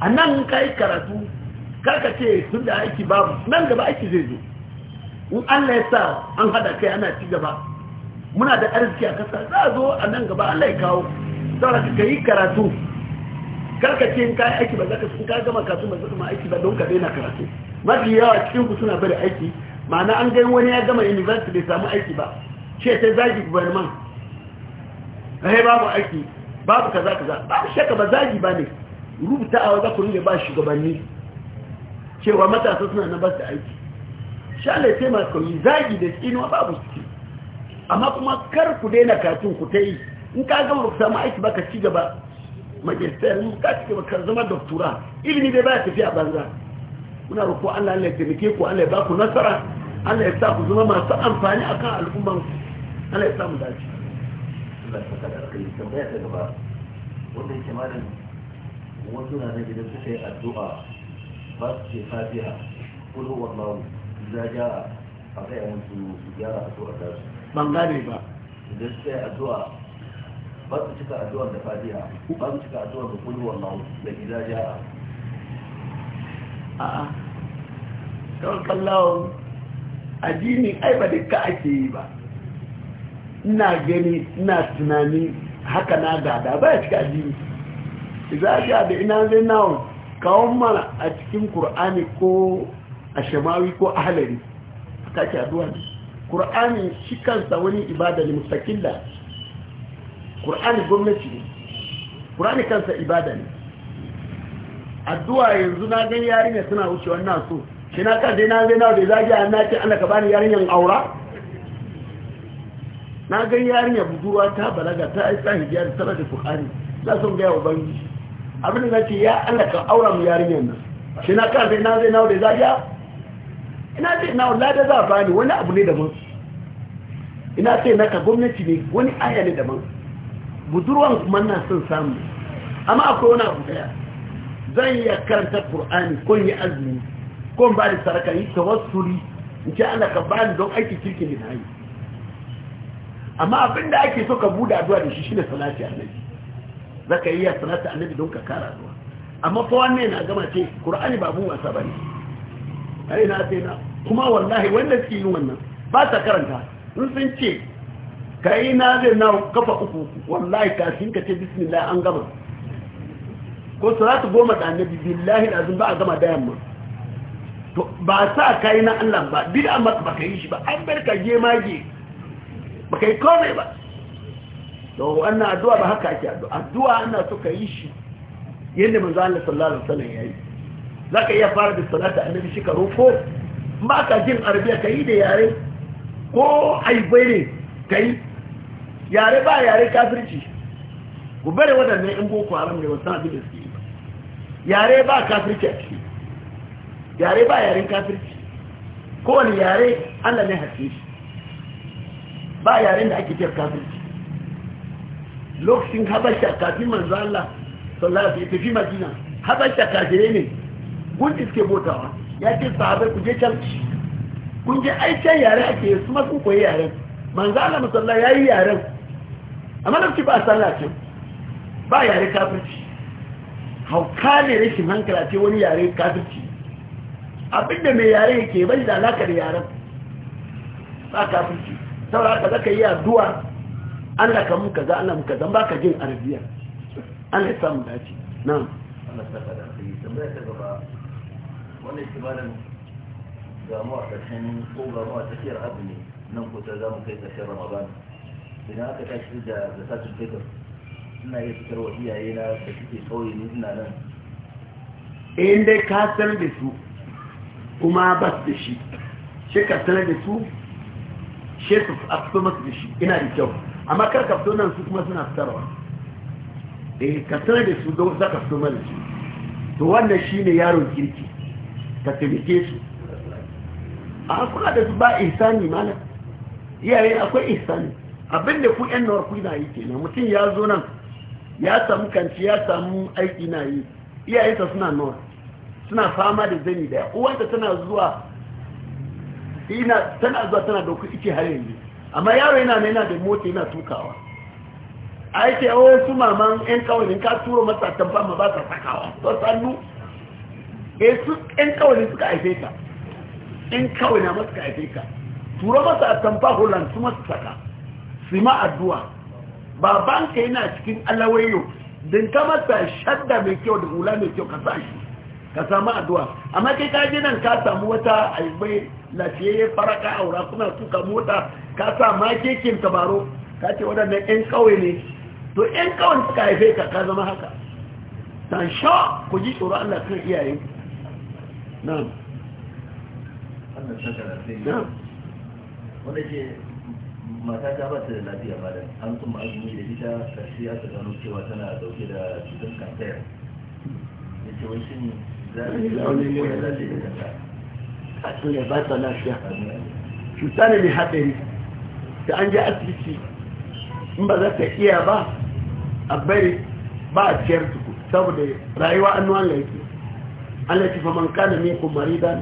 a nan ka yi karatu karka ce sun da aiki babu nan gaba aiki zai zo in allah ya sa an hada kai ana ci gaba muna da arziki a kasa za a zo a nan gaba allah ya kawo saboda ka yi karatu karka ce in kayan aiki ba za ka sun ka gama kasu ba zuwa aiki ba don ka daina karatu mafi yawa cikin ku suna bari aiki ma'ana an gani wani ya gama university bai samu aiki ba ce ta zagi gubernman rahe eh, babu aiki babu kaza kaza babu shaka ba zagi ba ne rubuta a wata kuri da ba shugabanni cewa matasa suna na su aiki sha ne taimaka yi zagi da tsinuwa babu ciki amma kuma kar ku daina katun ku ta yi in ka gama ku samu aiki baka ci gaba magister in ka ci gaba kar zama doktora ilimi dai baya tafiya banza muna roƙo Allah Allah ya taimake ku Allah ya ba ku nasara Allah ya sa ku zama masu amfani akan al'umman Allah ya sa mu dace Allah ya saka da kai tambaya ta gaba wanda yake malam wasu na na gidan suka yi addu'a ba su ce fatiha kullu wallahu idza jaa a gaya musu su gyara addu'a ta su ban gane ba da sai yi addu'a ba su cika addu'a da fadiya ba su cika addu'a da kullu wallahu da gida a a'a kawai kallon addini ai ba ka ake yi ba ina gani ina tunani haka na gada ba ya cika addini za ga da ina zai nawo kawo mana a cikin Kur'ani ko a shamawi ko ahalari ka ke addu'a ne ƙur'anin shi kansa wani ibada ne mustakilla Kur'ani gwamnati ne Kur'ani kansa ibada ne addu'a yanzu na gan yarinya suna wuce wannan so shi na kan na zai na da zagi an nake ana ka bani yarinyan aura na gan yarinya budurwa ta balaga ta aisa hijiyar tana da ƙur'ani za su gaya wa bangi abin da ce ya Allah ka aura mu yarinyar nan shi na kan na zai na da zagi ina ce na wala da za a bani wani abu ne da mun ina sai naka gwamnati ne wani aya ne daban budurwan kuma na son samu amma akwai wani abu daya zan iya karanta Kur'ani ko yi azumi ko ba da saraka yi tawassuli in ce ana ka bani don aiki kirki ne na yi amma da ake so ka buɗe addu'a da shi shine salati annabi zaka yi ya salati annabi don ka kara addu'a amma fa wannan na gama ce Kur'ani ba mu wasa bane ai na sai na kuma wallahi wanda suke yin wannan ba ta karanta sun sun ce ka yi na zai na kafa uku wallahi sun ka ce bismillah an gama ko salatu goma da annabi billahi azim ba a gama dayan ma to ba sa ka yi na Allah ba da amma ba ka yi shi ba an bar ka je mage ba ka yi komai ba to wannan addu'a ba haka ake addu'a addu'a ana so ka yi shi yadda manzo Allah sallallahu alaihi wasallam yayi zaka iya fara da salatu annabi shi ka roko ba ka jin arabiya ka yi da yare ko aibai ne kai yare ba yare kafirci ku bari waɗannan in boko haram ne wasu abin da yi yare ba kafirci a ciki yare ba yaren kafirci kowane yare allah ne haske shi ba yaren da ake fiyar kafirci lokacin habasha kafin manzo allah sallallahu alaihi tafi madina habasha kafire ne kun iske botawa ya ce sahabai ku je can kun ji aikin yare ake su ma koyi yaren manzo Allah musalla yayi yaren amma da ba sallah ce ba yare kafirci hauka ne rashin hankala ce wani yare kafirci abinda mai yare yake bai da alaka da yaren ba kafirci saboda haka zaka yi addu'a Allah ka mun ga Allah muka kaza baka jin arabiya Allah ya samu dace na'am Allah ta fada sai tambaya ta gaba wannan kibaran ga mu a ƙarshen ko ga mu abu ne nan kusa za mu kai ƙarshen ramadan idan aka tashi da zakatun fitr ina iya fitar wa iyaye na da suke kauye ni ina nan in dai ka sanar da su kuma ba su da shi shi ka sanar da su shi su a fito masu da shi ina da kyau amma kar ka fito nan su kuma suna fitarwa eh ka sanar da su don za ka fito mana su to wannan shine yaron kirki ka taimake su a kuna da su ba ihsani mana iyaye akwai ihsani abinda ku yan nawar ku na yi kenan mutum ya zo nan ya samu kanci ya samu aiki na yi iyayensa suna nawar suna fama da zani daya ta tana zuwa ina tana zuwa tana kuɗi ke har yanzu amma yaro yana ne yana da mota yana tukawa a yake o oh, wasu maman yan kawalin ka turo masa tamfa ma ba ta sakawa to sannu eh su yan kawalin suka haife ta in kawai na masu haife ka tura masa a tamfa holland su masu saka su ma addu'a babanka yana cikin alawayo din ka masa shadda mai kyau da hula mai kyau ka sa shi ka samu addu'a amma kai ka nan ka samu wata aibai lafiyayye faraka aura kuna tuka mota ka sa ma kekin tabaro ka ce waɗannan 'yan kawai ne to 'yan kawai suka haife ka ka zama haka tan sha ku ji tsoro Allah kan iyayen nan wanda ke mata ta ba ta da lafiya ba da an kuma azumi da ita karshe ta cewa tana dauke da cutar kansayar da za ta yi launi da a tun ba ta lafiya cuta ne mai haɗari da an asibiti in ba za ta iya ba a bari ba a ciyar tuku saboda rayuwa an nuwan laifi an ya fa man kana maridan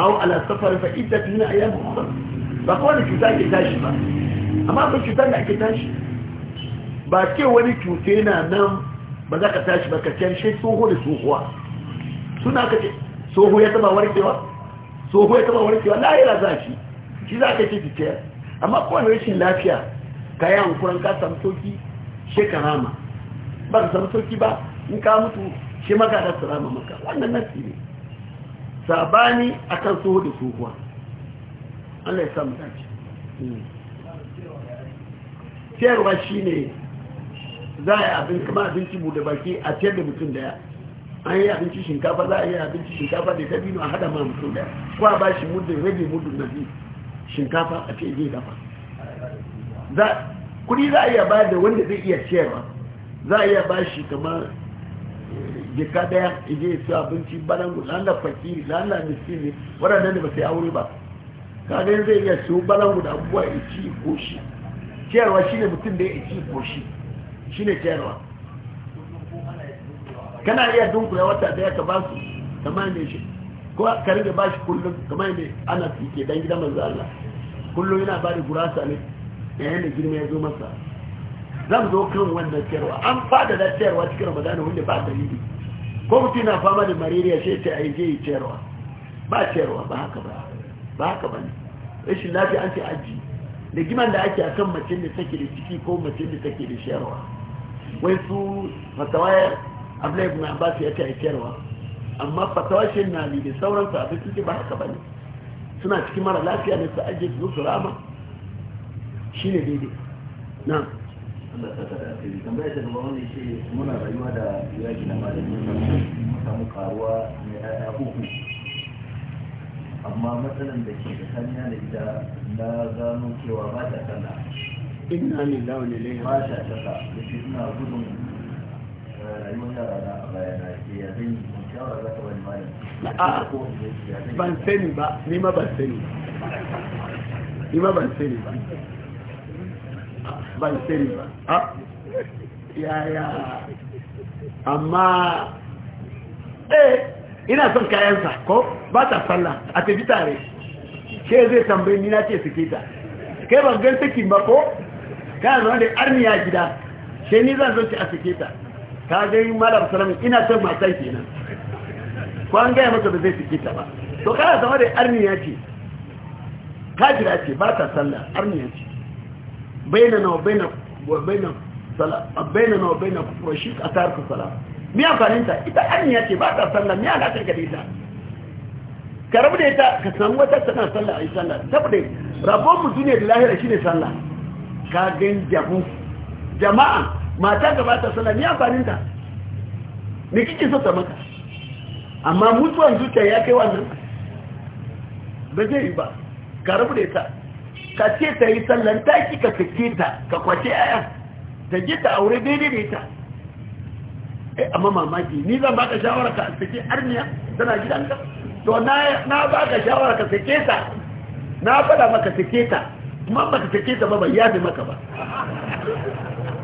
aw ala safar fa iddat min ayyam ukhra ba ko wani cuta ke tashi ba amma ko cutar da ke tashi ba ke wani cuta na nan ba za ka tashi ba ka kyanshe tsoho da tsohuwa suna ka ce tsoho ya taba warkewa tsoho ya taba warkewa lahira za shi shi za ka ce fitiyar amma kowane rashin lafiya ka yi hankuran ka samu soki shekara ma ba ka samu soki ba in ka mutu shi maka da su maka wannan nasi ne sabani akan so da tsohuwa Allah ya samu dace hmm. ciyarwa shi ne za a yi abin kama abinci bude baki a ciyar da mutum daya an yi abinci shinkafa za a yi abinci shinkafa da dabino a hada ma mutum daya ko a ba shi muddin rage muddin nabi shinkafa a ce zai dafa kudi za a iya bayar da wanda zai iya ciyarwa za a iya ba shi kamar jika daya ije ya ci abinci balangu lalla fakiri lalla miskini waɗanda ne ba sai aure ba kaga zai iya su balangu da abubuwa ya ci ko shi ciyarwa shi ne mutum da ya ci ko shi shi ne ciyarwa kana iya dunkula wata daya ka ba su kamar ne shi ko ka da ba shi kullum kamar ne ana fi ke dan gidan manzo Allah kullum yana ba da gurasa ne yayin da girma ya zo masa zan zo kan wannan cewa an fada da cewa cikin ramadana wanda ba dalili ko mutum na fama da malaria sai ta aije yi cewa ba cewa ba haka ba ba haka ba ne rashin lafiya an ce aji da giman da ake a kan mace da take da ciki ko mace da take da cewa wai su fatawa abla ibn abbas ya yi cewa amma fatawa shi na da sauran su abin suke ba haka ba ne suna cikin mara lafiya ne su aje su rama shine daidai na'am tambaya ta gaba ce muna rayuwa da yaki na malami samu karuwa mai ɗaya uku amma matsalan da ke da sanya da ita na gano cewa ba ta sallah inna ba ta da suna gudun eh, rayuwar yara na a baya na ke eh, ya zan shawara za ban sani ba ni ma ban sani ni ma ban sani ba ban sani ba yaya amma eh ina son kayansa ko ba ta falla a tafi tare ke zai tambayi ni na ce suke ta kai ban gan sakin ba ko kana zama da arniya gida ke ni zan zoce a suke ta ka gani malam salamin ina son matan kenan ko an gaya masa da zai suke ta ba to kana zama da arniya ce kajira ce ba ta falla arniya ce bainana wa bainan sala bainana wa bainan kufra shi a tarku sala me amfanin ta ita anniya ce ba ta sallah me alaƙar ka da ita ka rabu da ita ka san wata tana sallah a yi sallah saboda rabon mu duniya da lahira shi ne sallah ka gan jabu jama'a mata b'a ta sallah me amfanin ta me kike so ta maka amma mutuwan zuciya ya kai wannan ba zai yi ba ka rabu da ita ka ce ta yi sallan ta ki ka sake ta ka kwace aya. ta ji ta aure daidai da ita eh amma mamaki ni zan baka shawara ka sake arniya tana gidanka to na na baka shawara ka sake ta na fada maka sake ta kuma ba ka sake ta ba ya yafi maka ba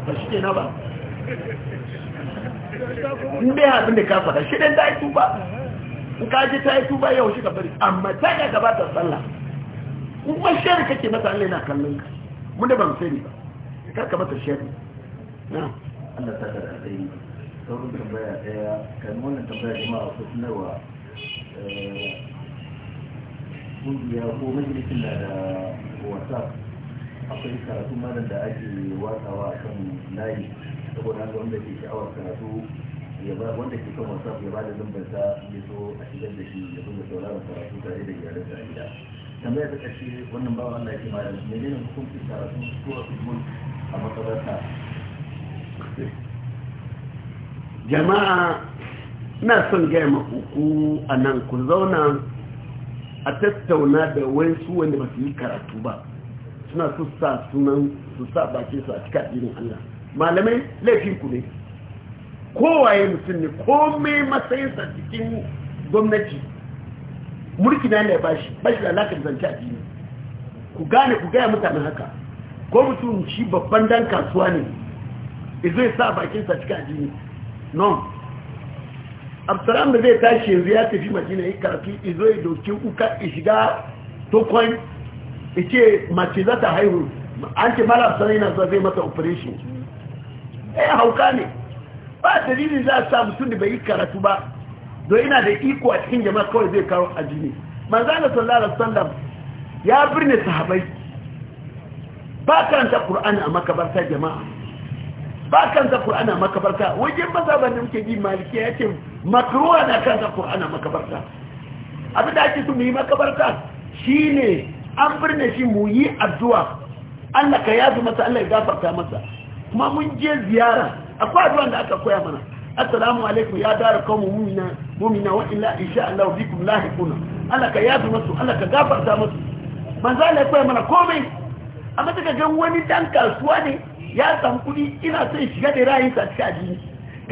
ba shi ke na ba in bai haɗin da ka fada shi dan ta yi tuba in ka ji ta yi tuba yau shi ka bari amma ta ga ta sallah kuma shari kake masa Allah yana kallon ka mun da ban sani ba karka masa shari na Allah ta da dai sauran tambaya daya kan wannan tambaya jama'a ko sanarwa kungiya eh, ko majalisin da da whatsapp akwai karatu malam da ake watsawa kan layi saboda haka wanda ke sha'awar karatu ya ba wanda ke kan whatsapp ya ba da sa, ya so a shigar da shi ya zo da sauraron karatu tare da iyalansa a gida tambaya ta ƙarshe wannan bawa Allah ya ce malam menene hukuncin karatun sura su a makabarta jama'a na son gaya makuku a nan ku zauna a tattauna da wani wasu wanda ba su yi karatu ba suna su sa sunan su sa bakin su a cikin addinin Allah malamai laifin ku ne kowaye mutum ne komai matsayinsa cikin gwamnati mulki na ne ba shi ba shi da alaƙar zance a jini ku gane ku gaya mutanen haka ko mutum shi babban dan kasuwa ne izo ya sa bakin cika a jini non absalam da zai tashi yanzu ya tafi majina ya karatu izo ya doki kuka ya shiga tokon ya ce mace za ta haihu an ce mara absalam yana zuwa zai mata operation ya eh, hauka ne ba dalilin za a sa mutum da bai yi karatu ba do ina da iko a cikin jama'a kawai zai kawo ajiye manzo Allah sallallahu alaihi wasallam ya birne sahabbai ba karanta qur'ani a makabarta jama'a ba karanta qur'ani a makabarta wajen mazaban da muke bi malikiya yace makruha na karanta qur'ani a makabarta abin da ake so mu yi makabarta shine an birne shi mu yi addu'a Allah ka yafi masa Allah ya gafarta masa kuma mun je ziyara akwai addu'a da aka koya mana assalamu alaikum ya dara kawo mumina mumina wa illa insha Allah bikum lahiquna Allah ka yafi masu Allah ka gafarta masu manzo Allah ya mana komai amma daga gan wani dan kasuwa ne ya samu kudi ina son shiga da rayin sa cikin addini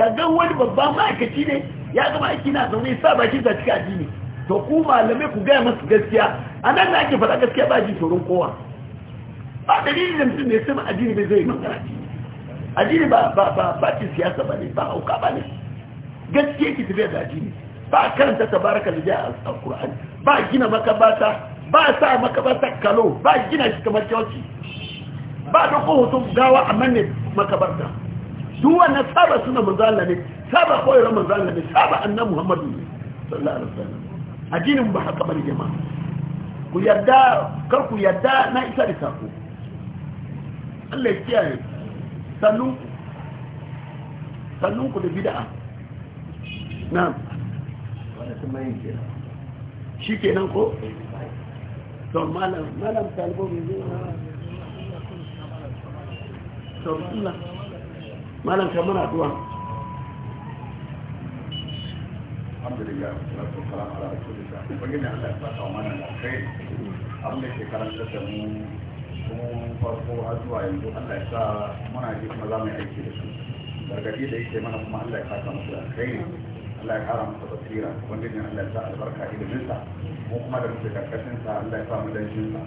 ga gan wani babban ma'aikaci ne ya gama aiki na zaune sa bakin da cikin addini to ku malamai ku gaya masu gaskiya a nan da ake faɗa gaskiya ba ji tsoron kowa ba dalilin da mutum ne ma addini bai zai magana addini ba ba ba cin siyasa ba ne ba hauka ba ne gaskiya ki tafiya da addini ba karanta tabaraka da jiya a Qur'an ba gina makabata ba sa makabata kalo ba gina shi kamar kyauci ba da hoton gawa a manne makabarta duk wannan saba suna manzala ne saba koyar manzala ne saba annan muhammadu ne sallallahu alaihi wasallam addinin ba haka bane jama'a ku yarda kar ku yarda na isa da sako Allah ya kiyaye sallunku da bidaa na shi ke nan ko? don malam malam zuwa malam kamar aduwa alhamdulillah a da ya karanta da mu sun farko har zuwa yanzu Allah ya sa muna ji kuma za mu yi aiki da su gargaɗi da yake mana kuma Allah ya kasa musu da alkhairi Allah ya kara masa basira wanda ne Allah ya sa albarka ilimin iliminsa mu kuma da muke karkashin sa Allah ya sa mu danshin sa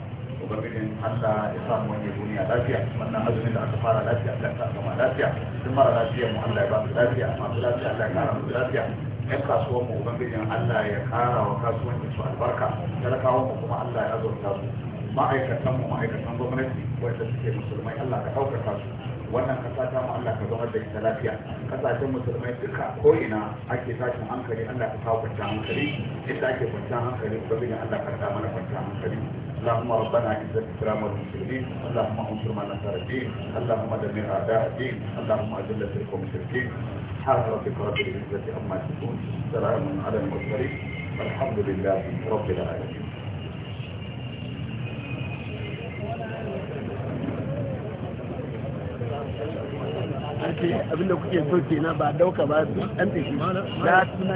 ubangijin Allah ya sa mu wani duniya lafiya wannan azumin da aka fara lafiya Allah ya sa gama lafiya duk mara lafiya mu Allah ya ba mu lafiya masu lafiya Allah ya kara musu lafiya yan kasuwan mu ubangijin Allah ya kara wa kasuwancin su albarka talakawan mu kuma Allah ya azurta su ma'aikatan mu ma'aikatan gwamnati wanda suke musulmai Allah ka ɗaukaka su wannan kasa ta mu Allah ka zama da ita lafiya kasashen musulmai duka ko ina ake tashin hankali Allah ka kawo kwanciyar hankali inda ake kwanciyar hankali ko ubangiji Allah ka samu na kwanciyar hankali اللهم ربنا اعز الاسلام والمسلمين اللهم انصر من نصر الدين اللهم دمر اعداء الدين اللهم اذل الشرك والمشركين سبحان ربك رب العزه عما يصفون سلام على المرسلين الحمد لله رب العالمين an abinda kuke so kenan ba dauka ba su